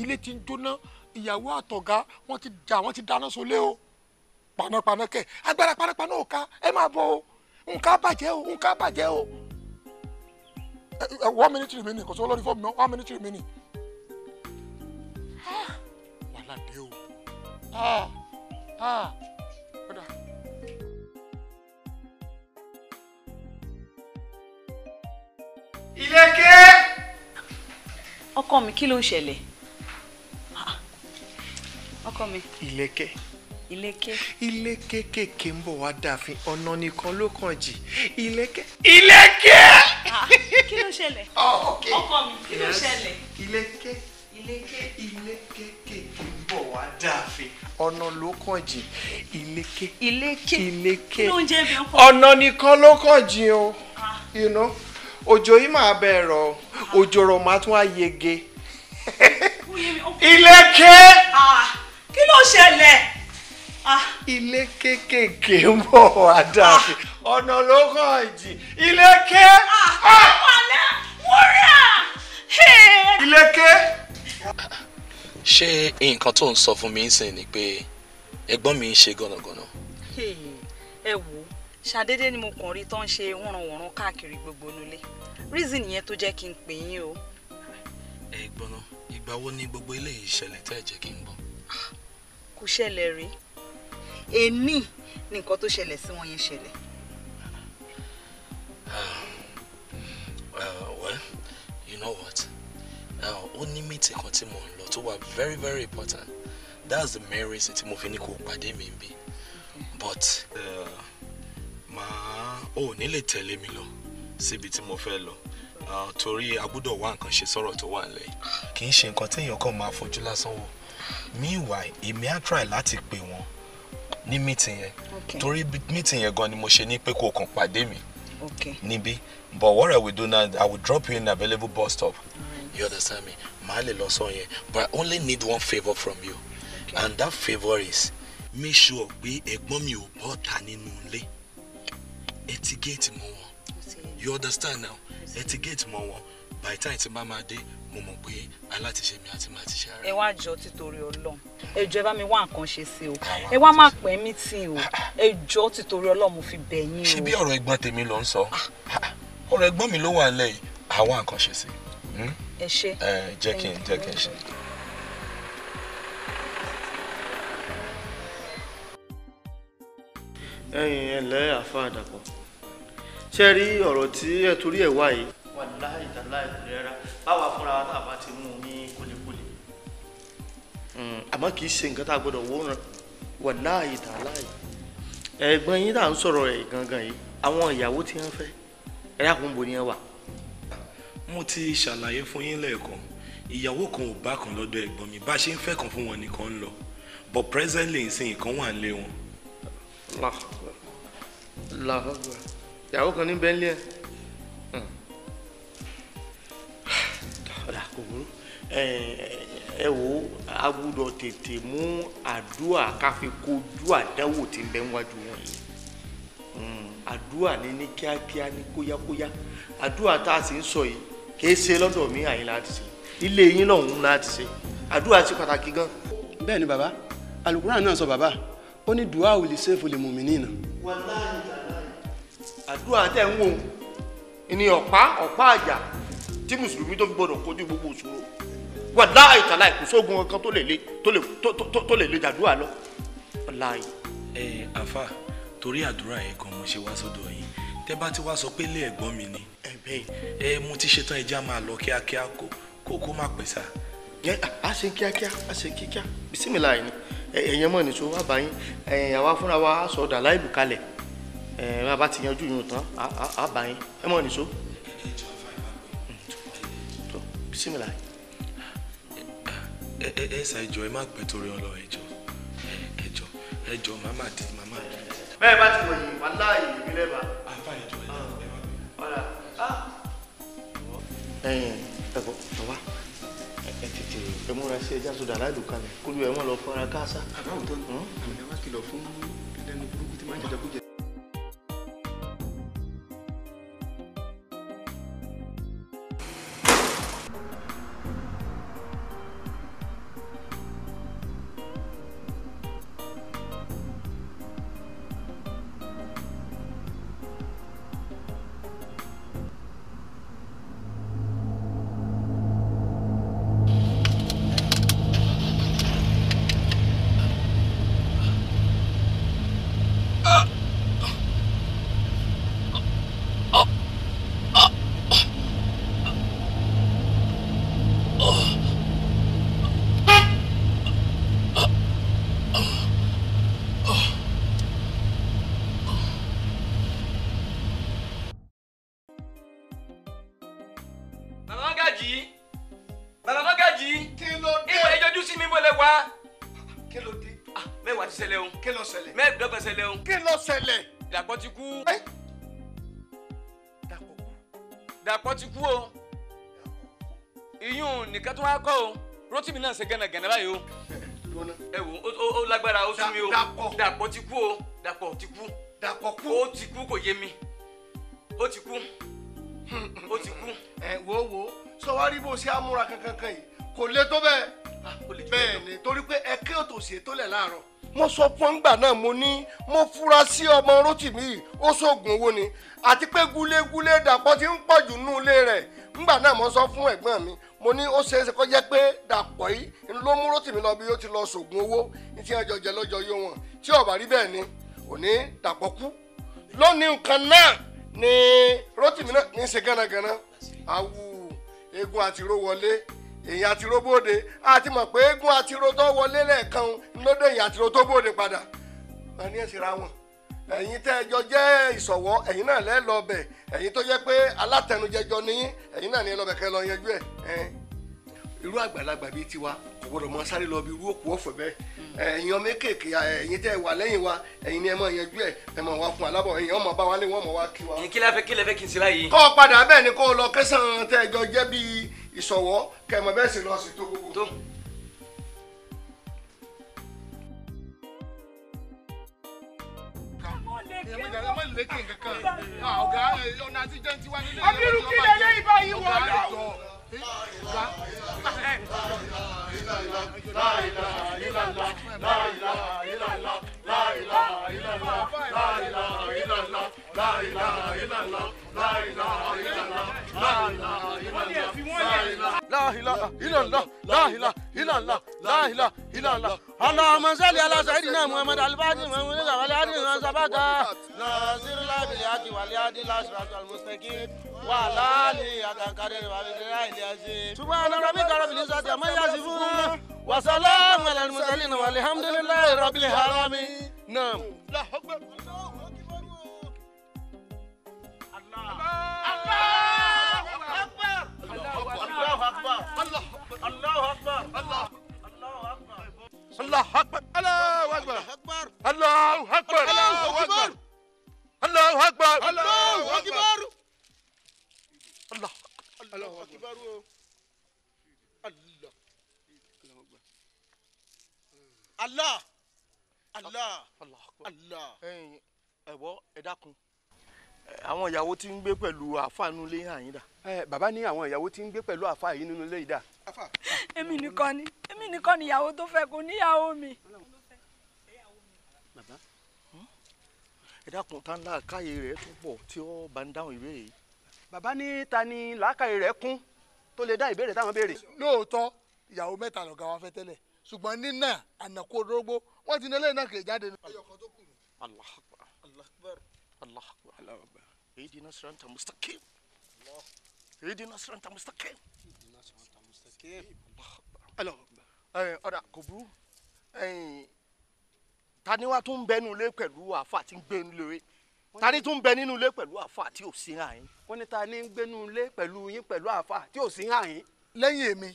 ilé ti ń jóná ìyàwó àtọ̀gá wọ́n ti jà wọ́n ti dáná solé o panápaná kẹ agbára panápaná ò ká ẹ máa bọ̀ o nǹkan bàjẹ́ o nǹkan bàjẹ́ o one minute remaining kò sọ lórí fọ́ọ̀mù náà one minute remaining ah, wàhálà dé o kódà. ilé ké. ọkọ mi kí ló ń ṣẹlẹ̀ ọkọ mi. ìlẹ̀kẹ̀. ìlẹ̀kẹ̀. ìlẹ̀kẹ̀ kéèké ń bọ̀ wá dàfin ọ̀nà nìkan ló kàn jì ìlẹ̀kẹ̀. ìlẹ̀kẹ̀. Ah, kí ló ṣẹlẹ̀. Oh, ọkọ mi kí ló ṣẹlẹ̀. ìlẹ̀kẹ̀. ìlẹ̀kẹ̀. ìlẹ̀kẹ̀ kéèké ń bọ̀ wá dàfin ọ̀nà ló kàn jì ìlẹ̀kẹ̀. ìlẹ̀kẹ̀. ìlẹ̀kẹ̀. kí ló ń jẹ́ bí ọkọ. ọ̀nà nìkan ló kàn jì o. Ah. you know òjò yìí máa bẹ̀rọ̀ ah. òjò rọ̀ máa tún á yege ìlẹ̀kẹ̀ kí ló ṣẹlẹ̀. Ah. ilé kéékèèké ń bọ̀ wá dàbí ah. ọ̀nà ló kàn jì ilé ké. Ah. wàlẹ̀ wúrà. ilé ké. ṣé nǹkan tó ń sọ fún mi ń sìn ni pé ẹ̀gbọ́n mi ń ṣe gànàgànà. ẹ wò ṣàdédé ni mo kàn rí tó ń ṣe wọ̀nranwọ̀nran káàkiri gbogbo nílé reason yẹn tó jẹ́ kí n pè yín o. ẹ gbọ́n ìgbà wo ni gbogbo eléyìí ṣẹlẹ̀ tẹ́ ẹ jẹ́ kí n gbọ́ kò ṣẹlẹ̀ rí èní ni nǹkan tó ṣẹlẹ̀ sí wọn yẹn ṣẹlẹ̀. Ah, uh, well you know what ó ní mítì kan tí mo ń lọ tó wà very very important that's the main reason tí mo fi ní kó pàdé mi bí but uh, màá ò ní lè tẹ̀lé mi lọ síbi tí mo fẹ́ lọ ah, torí a gbọ́dọ̀ wá nǹkan ṣe sọ̀rọ̀ tó wà nílẹ̀ kì í ṣe nǹkan téèyàn kàn máa fojú lásán wò meanwhile èmi á try láti pè wọ́n ní meeting yẹn torí meeting yẹn gan ni mo ṣe ní pé kó kàn pàdé mi níbí but what I will do now I will drop you in available bus stop you understand me màá lè lọ sọ yẹn but I only need one favour from you okay. and that favour is make sure pé ẹ̀gbọ́n mi ò bọ́ ta nínú ilé etigate mọ́ wọn you understand now etigate mọ́ wọn by the time tí bá máa dé mo mọ̀ pé alátiṣe mi àti màá ti ṣe ara. ẹ wá jọ títorí Ọlọ́run ẹ jọ̀ọ́ ẹ bá mi wá nǹkan ṣe sí o ẹ wá má pẹ́ mítìn o ah, ah, ah. ẹ jọ̀ọ́ títorí Ọlọ́run mo fi bẹ̀ yín o. ṣé bí ọ̀rọ̀ ẹ̀gbọ́n tèmi ló ń sọ ọ̀rọ̀ ẹ̀gbọ́n mi ló wà nílẹ̀ yìí àwa nǹkan ṣe sí. Hmm? ẹ ṣe eh, ẹ kí n jẹ́ kí n ṣe. ẹ̀yin ẹ lẹ́ àfa àdàpọ̀ ṣe rí ọ̀rọ̀ tí ẹ torí ẹ̀ wá yìí wàláhì tàláhì kò lè rárá báwa fúnra wa tàbá ti mú ní kólékólé. àmọ́ kì í ṣe nǹkan tá a gbọ́dọ̀ wòran wàláhì tàláhì ẹ̀gbọ́n yín tá à ń sọ̀rọ̀ ẹ̀ gangan yìí àwọn ìyàwó tí wọ́n fẹ́ ẹ dákun bo ni ẹ wà. mo ti ṣàlàyé fún yín lẹ́ẹ̀kan ìyàwó kan ò bá kan lọ́dọ̀ ẹ̀gbọ́n mi bá ṣe ń fẹ́ kan fún wọn nìkan ń lọ but presently nsìn kan wà nílé wọn. làwọn ìyàwó kan ní bẹ́ńlẹ̀ ẹ̀. ẹ wo a gbúdọ̀ tètè mú àdúrà ká fi kojú àdánwò tí ń bẹ níwájú wọn yìí hmm, àdúrà ni ní kíákíá ní kóyákóyá àdúrà tá a sì ń sọ yìí kìí ṣe lọ́dọ̀ mi àyìn láti ṣe ilé yín lọ́hùn-ún láti ṣe àdúrà ṣe pàtàkì gan. bẹ́ẹ̀ ni bàbá alukura náà sọ bàbá ó ní dùá ò lè ṣe fòlè mùmí nìyí náà. wàláhì àdúrà tẹ̀ ń wò ní ọ̀pá ọ̀pá àjà tí mùsùlùmí tó fi gbọ́dọ̀ kojú gbogbo ìṣòro wà láàyè tàlà kò sóògùn kankan tó lè le tó lè le jàdúrà lọ láàyè. ẹ àfa torí àdúrà yẹn gan mo ṣe wá sọ́dọ̀ yín tẹ bá ti wá sọ pé ilé ẹ̀gbọ́n mi ni ẹ mo ti ṣetán ẹjẹ á máa lọ kíákíá kó kó má pẹ́ sá. ẹ á ṣe kíákíá á ṣe kíákíá bisimilá yìí ni ẹ̀yẹ mọ̀ nìṣó wà bá yín àwa fúnra wa á sọ dàlá ìlú kalẹ̀ bàbá ti yanjú yìí tán á bá yín ẹ mọ̀ nìṣó. bisimilá yìí ẹ ẹ ẹ ṣá ẹjọ ẹ má pẹ́ torí ọlọ ẹjọ ẹjọ ẹjọ màmá àti màmá. bẹ́ẹ̀ bá ti wọ̀nyí wà láàyè mi lẹ́bàá. àfa ẹjọ ẹ náà ẹ wà mí. ọ̀rà á. ẹyin ẹ̀gbọ́n bàbá ẹ tètè ẹ múra sí ẹjá sódà aláìlú kalẹ̀ kólú ẹ mọ lọ fọra káàsà. àbáwò tó ń bọ̀ hmm? àwọn ẹ̀wá kìlọ̀ fún ilé ẹni burúkú tí máa ń jẹjẹ kó jẹ. tún wá kọ́ o Rótìmí náà ṣe gẹ́nàgẹ́nà báyìí o. ẹ wò ó lágbára ó sún mi o Dàpọ̀ ti kú o Dàpọ̀ ti kú Dàpọ̀ kú ó ti kú kò yé mi ó ti kú ó ti kú. ẹ wo wo sọ wá rí bó ṣe amúra kankan kan yìí kò le tó bẹ́ẹ̀ ah, bẹ́ẹ̀ ni torí pé ẹ kí òtòṣe tó lẹ̀ láàárọ̀ mo sọ fún ọgbà náà mo ní mo fura sí ọmọ Rótìmí ó ṣoògùn owó ni àti pé gúlégúlé Dàpọ̀ ti ń pọ̀jù nínú ilé rẹ̀ ńgbà náà mo sọ fún ẹ̀gbọ́n mi mo ní ó ṣeéṣe kó jẹ́ pé Dàpọ̀ yìí ló mú Rótìmí lọ bí ó ti lọ ṣoògùn owó ní ti ẹjọ́ jẹ lọ́jọ́ yó wọn tí ó bá rí bẹ́ẹ̀ ni òní Dàpọ̀ kú lónìí nǹkan náà ni Rótìmí náà ní í ṣe gánagànà awu eegun àti ró wọlé èyàn àti robóde a ti mọ̀ pé eégún àti rotọ́ wọlé lẹ́ẹ̀kan lóde èyàn àti rotọ́ bóde padà wọn ní ẹ̀sìn ra wọn ẹ̀yìn tẹ́ ẹjọ́ jẹ́ ìṣọ̀wọ́ ẹ̀yìn náà lẹ́ lọ bẹ̀ tó jẹ́ pé alátẹnujẹjọ niyín ní lọ bẹ̀ kẹ́ lọ ẹ̀ irú àgbàlagbà tiwa àgbọ̀dọ̀ mọ sáré lọ bí irú òkú ọ̀fọ̀ bẹ́ẹ̀ ẹ̀yin ọmọ kéèké ẹ̀yin tẹ́ wà lẹ́yìn wa ẹ̀yin ni ẹ máa yanjú ẹ̀ ẹ máa wá fún alábọ̀ ẹ̀yin ọmọ bá wa lé wọn mọ̀ wá kí wa. kí lẹ fẹ́ kí fẹ́ kí n ṣe báyìí. kọ́ ọ padà bẹ́ẹ̀ ni kó o lọ kẹsàn-án tẹ́ ẹ jọ jẹ́ bí ìṣọ̀wọ́ kẹ́ bẹ́ẹ̀ sì lọ sí tó gbogbo. abiru ah, kí lè lé ibà yìí wọ̀ ọ́ La ilaha illallah, la ilaha illallah. اللهم صل على سيدنا محمد الفاتح محمد الغالي من سبق ناصر الابليات والياد الاشراف المستقيم وعلى اله اكرم وبالله سبحان ربك رب العزه عما يصفون وسلام على المرسلين والحمد لله رب العالمين نعم لا حكم الله اكبر الله الله اكبر الله اكبر الله اكبر الله اكبر الله اكبر الله اكبر الله اكبر الله الله اكبر الله الله الله الله الله ايوه ẹ dákun àwọn ìyàwó tí ń gbé pẹ̀lú àáfà nínú ilé yàn yín dà. ẹ bàbá ní àwọn ìyàwó tí ń gbé pẹ̀lú àáfà yìí nínú ilé yìí dà. èmi nìkan ni èmi nìkan ni ìyàwó tó fẹ́ kó níyàwó mi. bàbá hmm? ẹ dákun tá ń láàkáyè rẹ tó pọ̀ tí ó bá ń dáhùn ìbéèrè yìí. bàbá ní ta ni làákàyè rẹ kún tó lè dá ìbéèrè táwọn béèrè. lóòótọ́ ìyàwó mẹ́ta lọ̀gá wa fẹ́ tẹ́lẹ̀ ṣùgbọ́n nínà ànàkó orógbó wọ́n ti nílé náà الله أكبر الله أكبر اهدنا صراط مستقيم الله نصر صراط مستقيم نصر صراط مستقيم الله أكبر الله أكبر ẹ ọ̀dà kò burú ta ni wàá tún ń bẹ nínú ilé pẹ̀lú àáfàá tí ń gbé nínú ilé ta ni tún ń bẹ nínú ilé pẹ̀lú àáfàá tí ò sí hàn yín. wọ́n ní ta ń gbé nínú ilé yín pẹ̀lú àáfàá tí ò sí hàn yín. lẹ́yìn èmi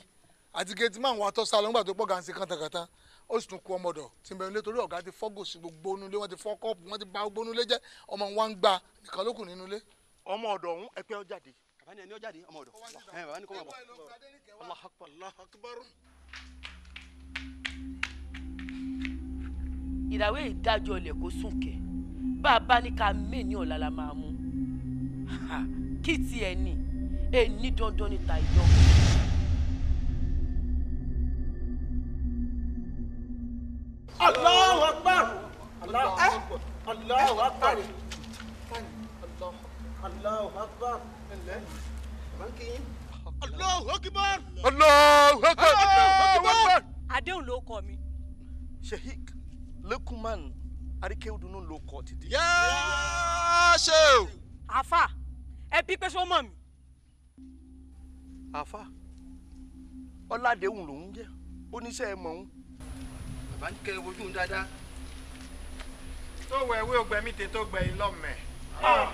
àti gẹ̀ẹ́tì máa ń wá tọ́sà lọ́ngbà tó pọ̀ gàǹsì kàntàkàntà ó sì tún kú ọmọ ọ̀dọ̀ tí ń bẹ nílé torí ọ̀gá ti fọ́ gòsì gbogbo onúlé wọ́n ti fọ́ kọ́ọ̀pù wọ́n ti bà gbogbo onúlé jẹ́ ọmọ wa ń gba nìkan ló kù nínú ilé. ọmọ ọ̀dọ̀ ọ̀hún ẹgbẹ́ ọjàde bàbá ni ẹni ọjàde ọmọ ọ̀dọ̀ bàbá ni kò máa bọ̀ Allahu ìràwé ìdájọ́ ilẹ̀ kó sùn kẹ́ bá a bá ní ká mé ní ọ̀la la máa mú kí tiẹ̀ ní ẹ̀ ní dandan níta ìdánwò. Eh? Allahu Akbar. Allahu Akbar. Allahu Akbar. Allahu Akbar. Allahu Akbar. Allahu Akbar. Àdéhùn ló kọ mi. Sheikh Lekuman Arikewudunu ló kọ ti di. Yáá ṣe o. Àfà ẹ bí pé sọ́mọ̀ mi. Àfà Ọládéhùn lòún jẹ́ oníṣẹ́ ẹ̀ mọ̀ ń bàbá ń kẹ́ ojú dáadáa. tó wọ ewé ògbẹ́mí tè tó gbẹ yín lọ́mẹ̀. Ah.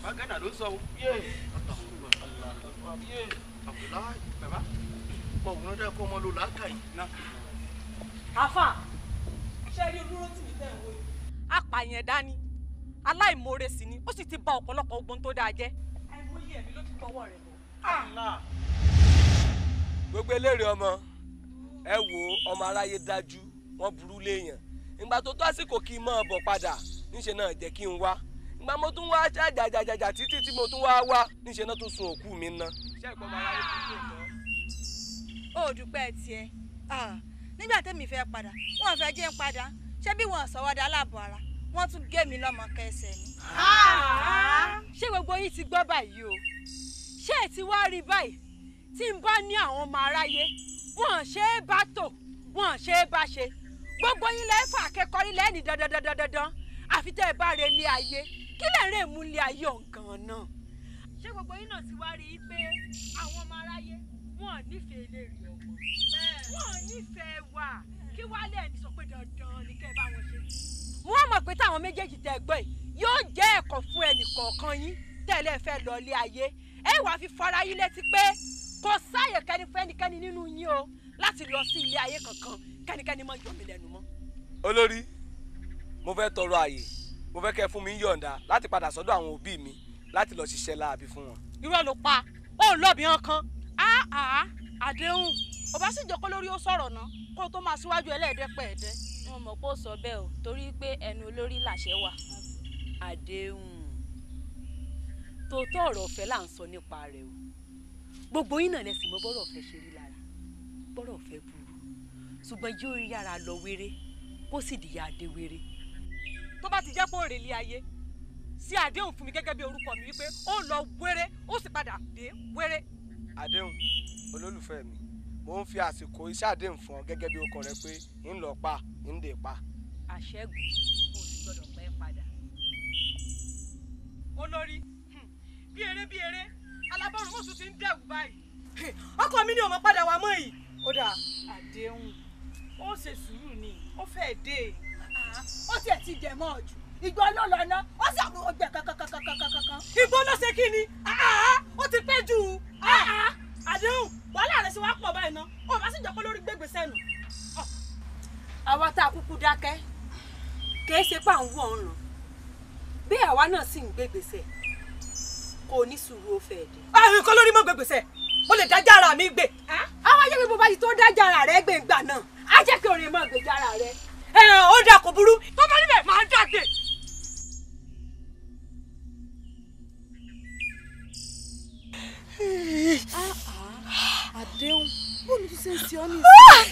bàbá gánà ló sọ o. abdullahi bàbá mọ òun náà kó ọmọ lò láàkà yìí ná. àfà ṣe rí dúró tì mí tẹ̀ ń wo. apààyàn dání aláìmoore sì ni ó sì ti bà ọ̀pọ̀lọpọ̀ ogun tó dáa jẹ́. àìmọye ẹ̀mí ló ti tọwọ́ rẹ̀ bọ̀. Ah. gbogbo eléèrè ọmọ ẹ wo ọmọ aráyé dájú wọ́n burú léèyàn ìgbà tó tó àsìkò kí n máa bọ̀ padà níṣẹ́ náà jẹ́ kí n wá ìgbà mo tún wá jàjàjàjà títí tí mo tún wá wá níṣẹ́ náà tún sun òkú mi ná. ṣé ìpọ́n máa ráyè fún yóò tán. ó dúpẹ́ tiẹ̀ nígbà tẹ́mi fẹ́ padà wọ́n fẹ́ jẹ́ ń padà ṣé bí wọ́n sọ̀wọ́dà aláàbọ̀ ara wọ́n tún gé mi lọ́mọ kẹsẹ̀ ni. ṣé gbogbo yìí ti gbọ́ báyìí o ṣé ẹ ti wá rí báyìí tí n bá ní àwọn ọmọ aráyé wọn ṣe é bá tò wọn ṣe é bá ṣe gbogbo yín lẹ́fà akẹ́kọ̀ọ́ yín lẹ́ni dandandandandan àfi tẹ́ ẹ bá re ilé ayé kí lè rè mú ilé ayé ọ̀gàn náà. ṣé gbogbo yín náà ti wá rí i pé àwọn ọmọ aráyé wọn ò nífẹ̀ẹ́ ilé rí ọmọ wọn ò nífẹ̀ẹ́ wà kí wàá lẹ́ẹ̀ni sọ pé dandan ni kẹ́ ẹ bá wọn ṣe. wọ́n mọ̀ pé táwọn méjèèjì tẹ́ ẹ gbọ́ yìí yóò jẹ́ ẹ̀kọ́ fún ẹnì kọ̀ọ̀kan yín tẹ́lẹ̀ fẹ́ lọ ilé ayé ẹ wàá fi fọ́ra yín létí pé kò sáàyè kẹ́ni fẹ́nikẹ́ni nínú yín o láti lọ sí ilé ayé kankan kẹ́nikẹ́ni má yọ mí lẹ́nu mọ́. olórí mo fẹ́ tọrọ àyè mo fẹ́ kẹ́ fún mi yọ̀ǹda láti padà sọ́dọ̀ àwọn òbí mi láti lọ ṣiṣẹ́ láabi fún wọn. irọ́ ló pa ó lọ́ọ̀bì hàn kan áá àdéhùn ọba sì jẹ́ kó lórí ó sọ̀rọ̀ ná kó o tó máa síwájú ẹlẹ́ẹ̀dẹ́pẹ̀ẹ́dẹ́. wọn mọ̀ pé ó sọ bẹ́ẹ̀ o torí pé ẹnu olórí làṣẹ wà. àdéhùn tòótọ́ ọ̀rọ̀ ọ̀fẹ́ là ń sọ nípa rẹ̀ o gbogbo yín náà lẹ́sìn mọ́ bọ́rọ̀ fẹ́ ṣeré lára bọ́rọ̀ fẹ́ burú ṣùgbọ́n yóò yára lọ wéré kó sì dìyà adé wéré. tó bá ti jẹ́ pé òrè ilé ayé sí àdéhùn fún mi gẹ́gẹ́ bí orúkọ mi wípé ó lọ wéré ó sì padà dé wéré. àdéhùn olólùfẹ́ mi mo ń fi àsìkò iṣẹ́ àdéhùn fún ọ gẹ́gẹ́ bí orúkọ rẹ pé ń lọ pa ń dè pa. àṣẹ́gun kò sì gbọ́dọ̀ pẹ́ padà. olórí hmm, bí eré bí eré alábọ̀rún mọ̀sùn ti ń dẹ̀wù báyìí. ọkọ mi ni ọmọ padà wá mọ́ yìí. ó dà àdéhùn ó ṣe sùúrù ni ó fẹ́ dé. ó sì ti jẹ mọ́ ọ̀jù ìgbà ọlọ́lọ́ ná ó sì àwọn ọgbẹ kankankankankankan. ìgbó ló ṣe kí ni ó ti pẹ́ jù àdéhùn wàhálà rẹ̀ ṣe wá pọ̀ báyìí ná ó bá sì jọpọ̀ lórí gbégbé sẹ́nu. àwa tá a kúkú dákẹ́ kì í ṣe pé à ń wọ̀ ọ́n lọ bí àwa náà sì ń gbégbèsè kó o ní sùúrù ó fẹ́ dé. àrùn ah, kan lórí mọ́ gbẹgbẹsẹ̀ mo lè dájà ara mi gbè. àwọn ayé mi bó bá ti tó dájà ara rẹ gbè ńgbà náà á jẹ́ kí orin mọ́ gbèjà ara rẹ. ẹ ẹ ó dà kó burú tó bá níbẹ̀ máa ah, dàgbé. Ah, àdéhùn bóun tún ṣe ń ṣe ọ́ ní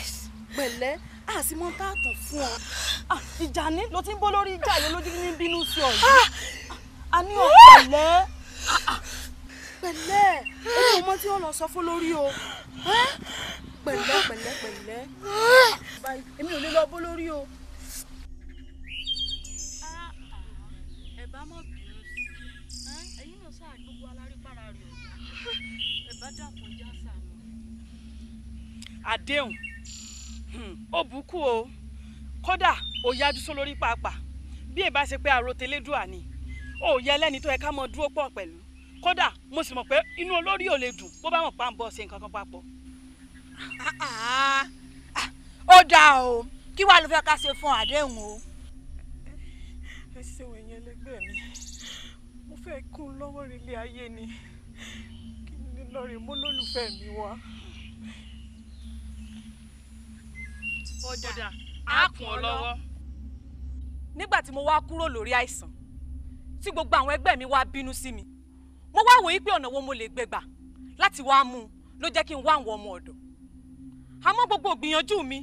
ìsìn pẹ̀lẹ́ àsìmọ́ táàtàn fún ọ ìjà ní ló ti ń bọ́ lórí ìjà yẹn lójú ní bínú sí ọ a ní ọ̀pẹ̀lẹ́ pẹ̀lẹ́ ẹni ọmọ tí wọ́n lọ sọ fún lórí o pẹ̀lẹ́ pẹ̀lẹ́ pẹ̀lẹ́ èmi ò lè lọ bó lórí o. ẹ bá mọ̀ bínú sí ẹ̀yin náà sáà gbogbo alárípàrà rẹ̀ ẹ bá àdéhùn hmm, ó bùkún o kódà ó yájú sólórí pàápàá bí èbá ṣe pé àròtẹ́lẹ́dùà ni ò yẹ lẹ́ni tó yẹ ká mọ dúró pọ̀ pẹ̀lú kódà mo sì mọ̀ pé inú olórí ò lè dùn bó bá mọ̀ pa ń bọ̀ ṣe nǹkan kan papọ̀. ó dáa o kí wàá ló fẹ́ ká ṣe fún àdéhùn o. ẹ ṣeun ẹ̀yin ẹlẹgbẹ́ mi mo fẹ́ kún lọ́wọ́ ilé ayé ni kí ni lọ́ọ̀rì mo lólùfẹ́ mi wá. ó dáa á kún ọ lọ́wọ́. nígbà tí mo wá kúrò lórí àìsàn tí gbogbo àwọn ẹgbẹ́ mi wá bínú sí mi mo wá wòye pé ọ̀nà wo mo lè gbẹgbà láti wá mú un ló jẹ́ kí n wá àwọn ọmọ ọ̀dọ̀ àmọ́ gbogbo ìgbìyànjú mi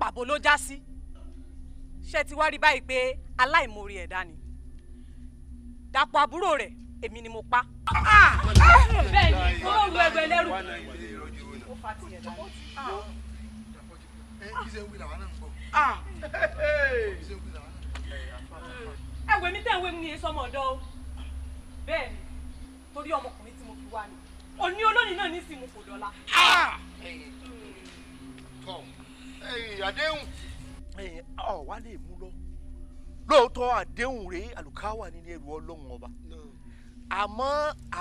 pàbó ló já sí ṣé ti wá rí báyìí pé aláìmoore ẹ̀dá ni dàpọ̀ àbúrò rẹ̀ èmi ni mo pa. Ah! bẹ́ẹ̀ ẹ wẹ mi tẹ ẹ wẹ mi ni èso ọmọ ọdọ o bẹ́ẹ̀ ni torí ọmọkùnrin tí mo fi wá ni òní olónìí náà ní ìsìn mo kò dọ̀la. àdéhùn ọ wá lè mú lọ lóòótọ́ àdéhùn rèé àlùkáwà nínú ẹrù ọlọ́run ọba àmọ́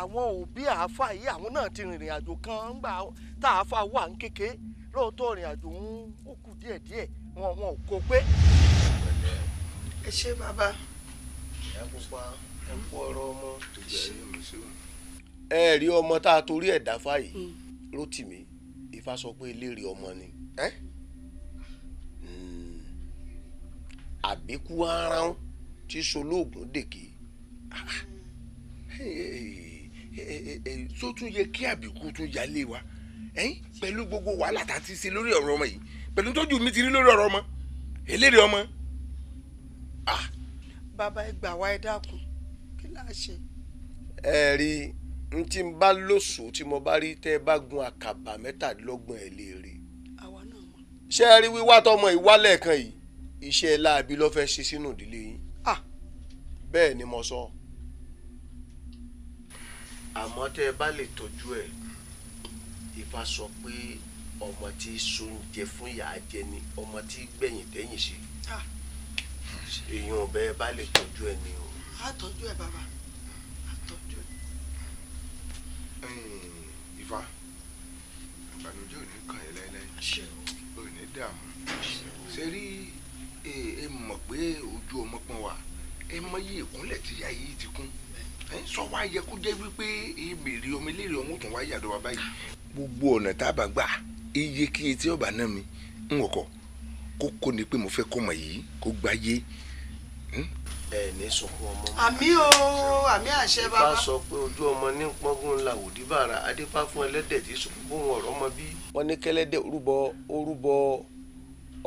àwọn òbí àáfà yìí àwọn náà ti rìnrìn àjò kan ńgbà tá àáfà wà ń kéke lóòótọ́ rìn àjò ń ó kù díẹ̀díẹ̀ wọn wọn ò kó pé. ẹ ṣé bàbá ẹ pupa ẹ kú ọ̀rọ̀ ọmọ. ẹ rí ọmọ tá a torí ẹ̀ dáfá yìí Rótìmí hmm. Ifá sọ pé eléèrè ọmọ ni hmm. àbíkú aráhùn tí solóògùn dèké tó tún yẹ kí àbíkú tún yálé wa pẹ̀lú gbogbo wàhálà tá a ti ṣe lórí ọ̀rọ̀ ọmọ yìí pẹ̀lú tójú mi ti rí lórí ọ̀rọ̀ ọmọ eléèrè ọmọ ah bàbá ẹ gbà wá ẹ dákun kí là á ṣe. ẹ rí n tí n bá lóṣù tí mo bá rí tẹ́ ẹ bá gun àkàbà mẹ́tàdínlọ́gbọ̀n ẹ̀ lè rí. àwa náà mọ̀. ṣé ẹ rí wíwá tọmọ ìwálẹ̀ kan yìí iṣẹ́ láabi ló fẹ́ ṣe sínú ìdílé yín. bẹ́ẹ̀ ni mo sọ. àmọ́ tẹ́ ẹ bá lè tọ́jú ẹ̀ Ifá sọ pé ọmọ tí sóúnjẹ fún ìyá jẹ ni ọmọ tí gbẹ̀yìn tẹ́yìn ṣe. Ah èèyàn ọbẹ̀ bá lè tọ́jú ẹ ni o. a tọ́jú ẹ bàbá a tọ́jú ẹ. Ifá ìbànújẹ́ ò ní kàn yín láéláé ò ní dààmú ṣe rí ẹ mọ̀ pé ojú ọmọ pọn wà ẹ mọyì ìkúnlẹ̀ tí ayé ti kún sọ wá yẹ kó jẹ́ wípé ìbèrè ọmọ ilé ìrìn ọmọ tó wá yàdọ̀ wá báyìí. Ah. gbogbo ọ̀nà tá a bá gbà iye kí etí ọ̀bà náà mi ń wọ̀kọ̀ kókó ni pé mo fẹ́ kọ́mọ yìí kó gbáyé. Hmm? ẹ ní sunkún ọmọ. àmì o àmì àṣẹ bàbá. bá sọ pé ojú ọmọ ní pọ́ngùn làwòdì bàrà adépa fún ẹlẹ́dẹ̀ tí sunkún bóun ọ̀rọ̀ mọ bí. wọ́n ní kẹ́lẹ́dẹ̀ orúbọ orúbọ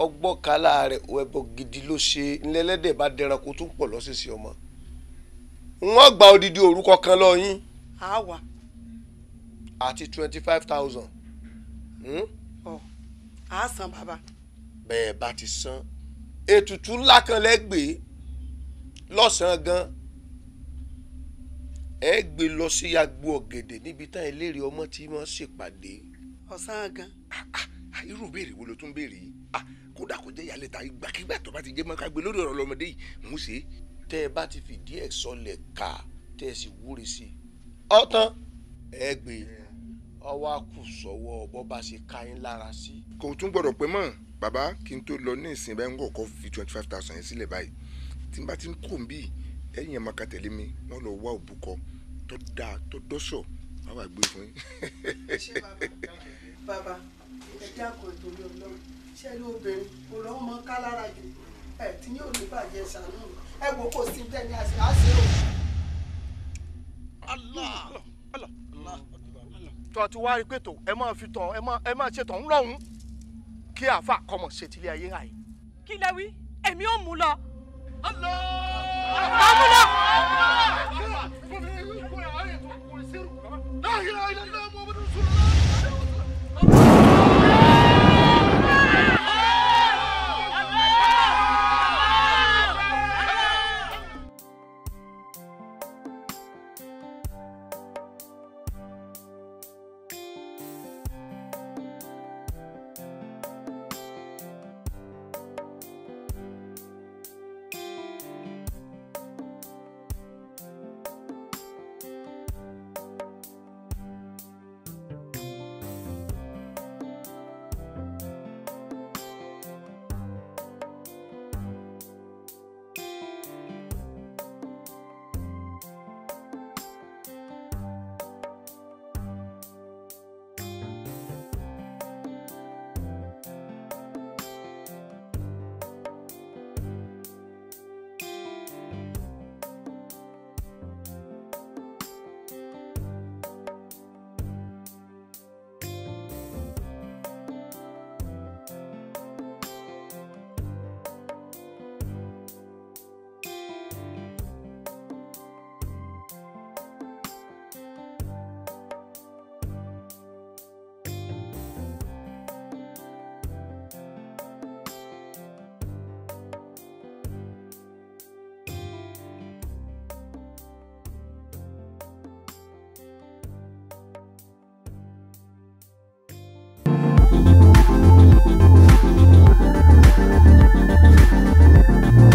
ọgbọ́kálá rẹ̀ ẹbọ gidi ló ṣe ńlẹ́lẹ́dẹ̀ bá dẹran kó tún pọ̀ lọ́sẹ̀sì ọmọ. wọ́n gba odidi orúkọ kan lọ yín. àwa. àti twenty five thousand. Hmm? ọ̀ àá san bàbá bẹ́ẹ̀ bá ti san ètùtù ńlá kan lẹ́gbẹ̀ẹ́ lọ́sàn-án gan ẹ gbé lọ sí agbo ọ̀gẹ̀dẹ̀ níbi táwọn eléré ọmọ tí wọ́n ṣèpàdé. ọ̀sán gan. Ah, ah, ah, irú béèrè wo ló tún béèrè yìí kódà kó jẹ́ ìyálẹ̀ ta ìgbàkigbà tó bá ti jẹ́ mọ́ká gbé lórí ọ̀rọ̀ lọ́mọdé yìí mú ṣe. tẹ́ ẹ bá ti fìdí ẹ̀ sọlẹ̀ kà tẹ́ ẹ sì wúre sí i. ọ̀tán ẹ gbé ọwọ́ àkùsọ̀wọ́ bọ́ bá ṣe ká yín lára sí. kò tún gbọ́dọ̀ pé mọ́. Baba, kí n tó lọ ní ìsìn báyìí ń kọ̀ọ̀kọ́ fi twenty five thousand yẹn sílẹ̀ báyìí tí n bá ti ń kó n bíi ẹ̀yìn ẹ̀ máa ka tẹ̀lé mi wọ́n lọ wá òbúkọ tó dáa tó dọ́sọ̀ wọ́n wá gbé fún yín. bàbá ẹ dákun ìtòlú ọlọ́run ṣé ní obìnrin òrò ọmọ ká lára jù ẹ tí yóò ní bàjẹ́ sànú ẹ wò kó sí tẹ́ni àṣẹ àṣẹ o. Allah Allah Allah tó a ti wá rí pé tó ẹ máa fi tọ̀ ẹ máa ṣe tọ̀ kí àáfà kọmọ ṣètìlẹ ayé rà yìí. kí lẹ wí èmi ò mú lọ. àmú lọ. لا إله إلا الله محمد رسول الله Thank you.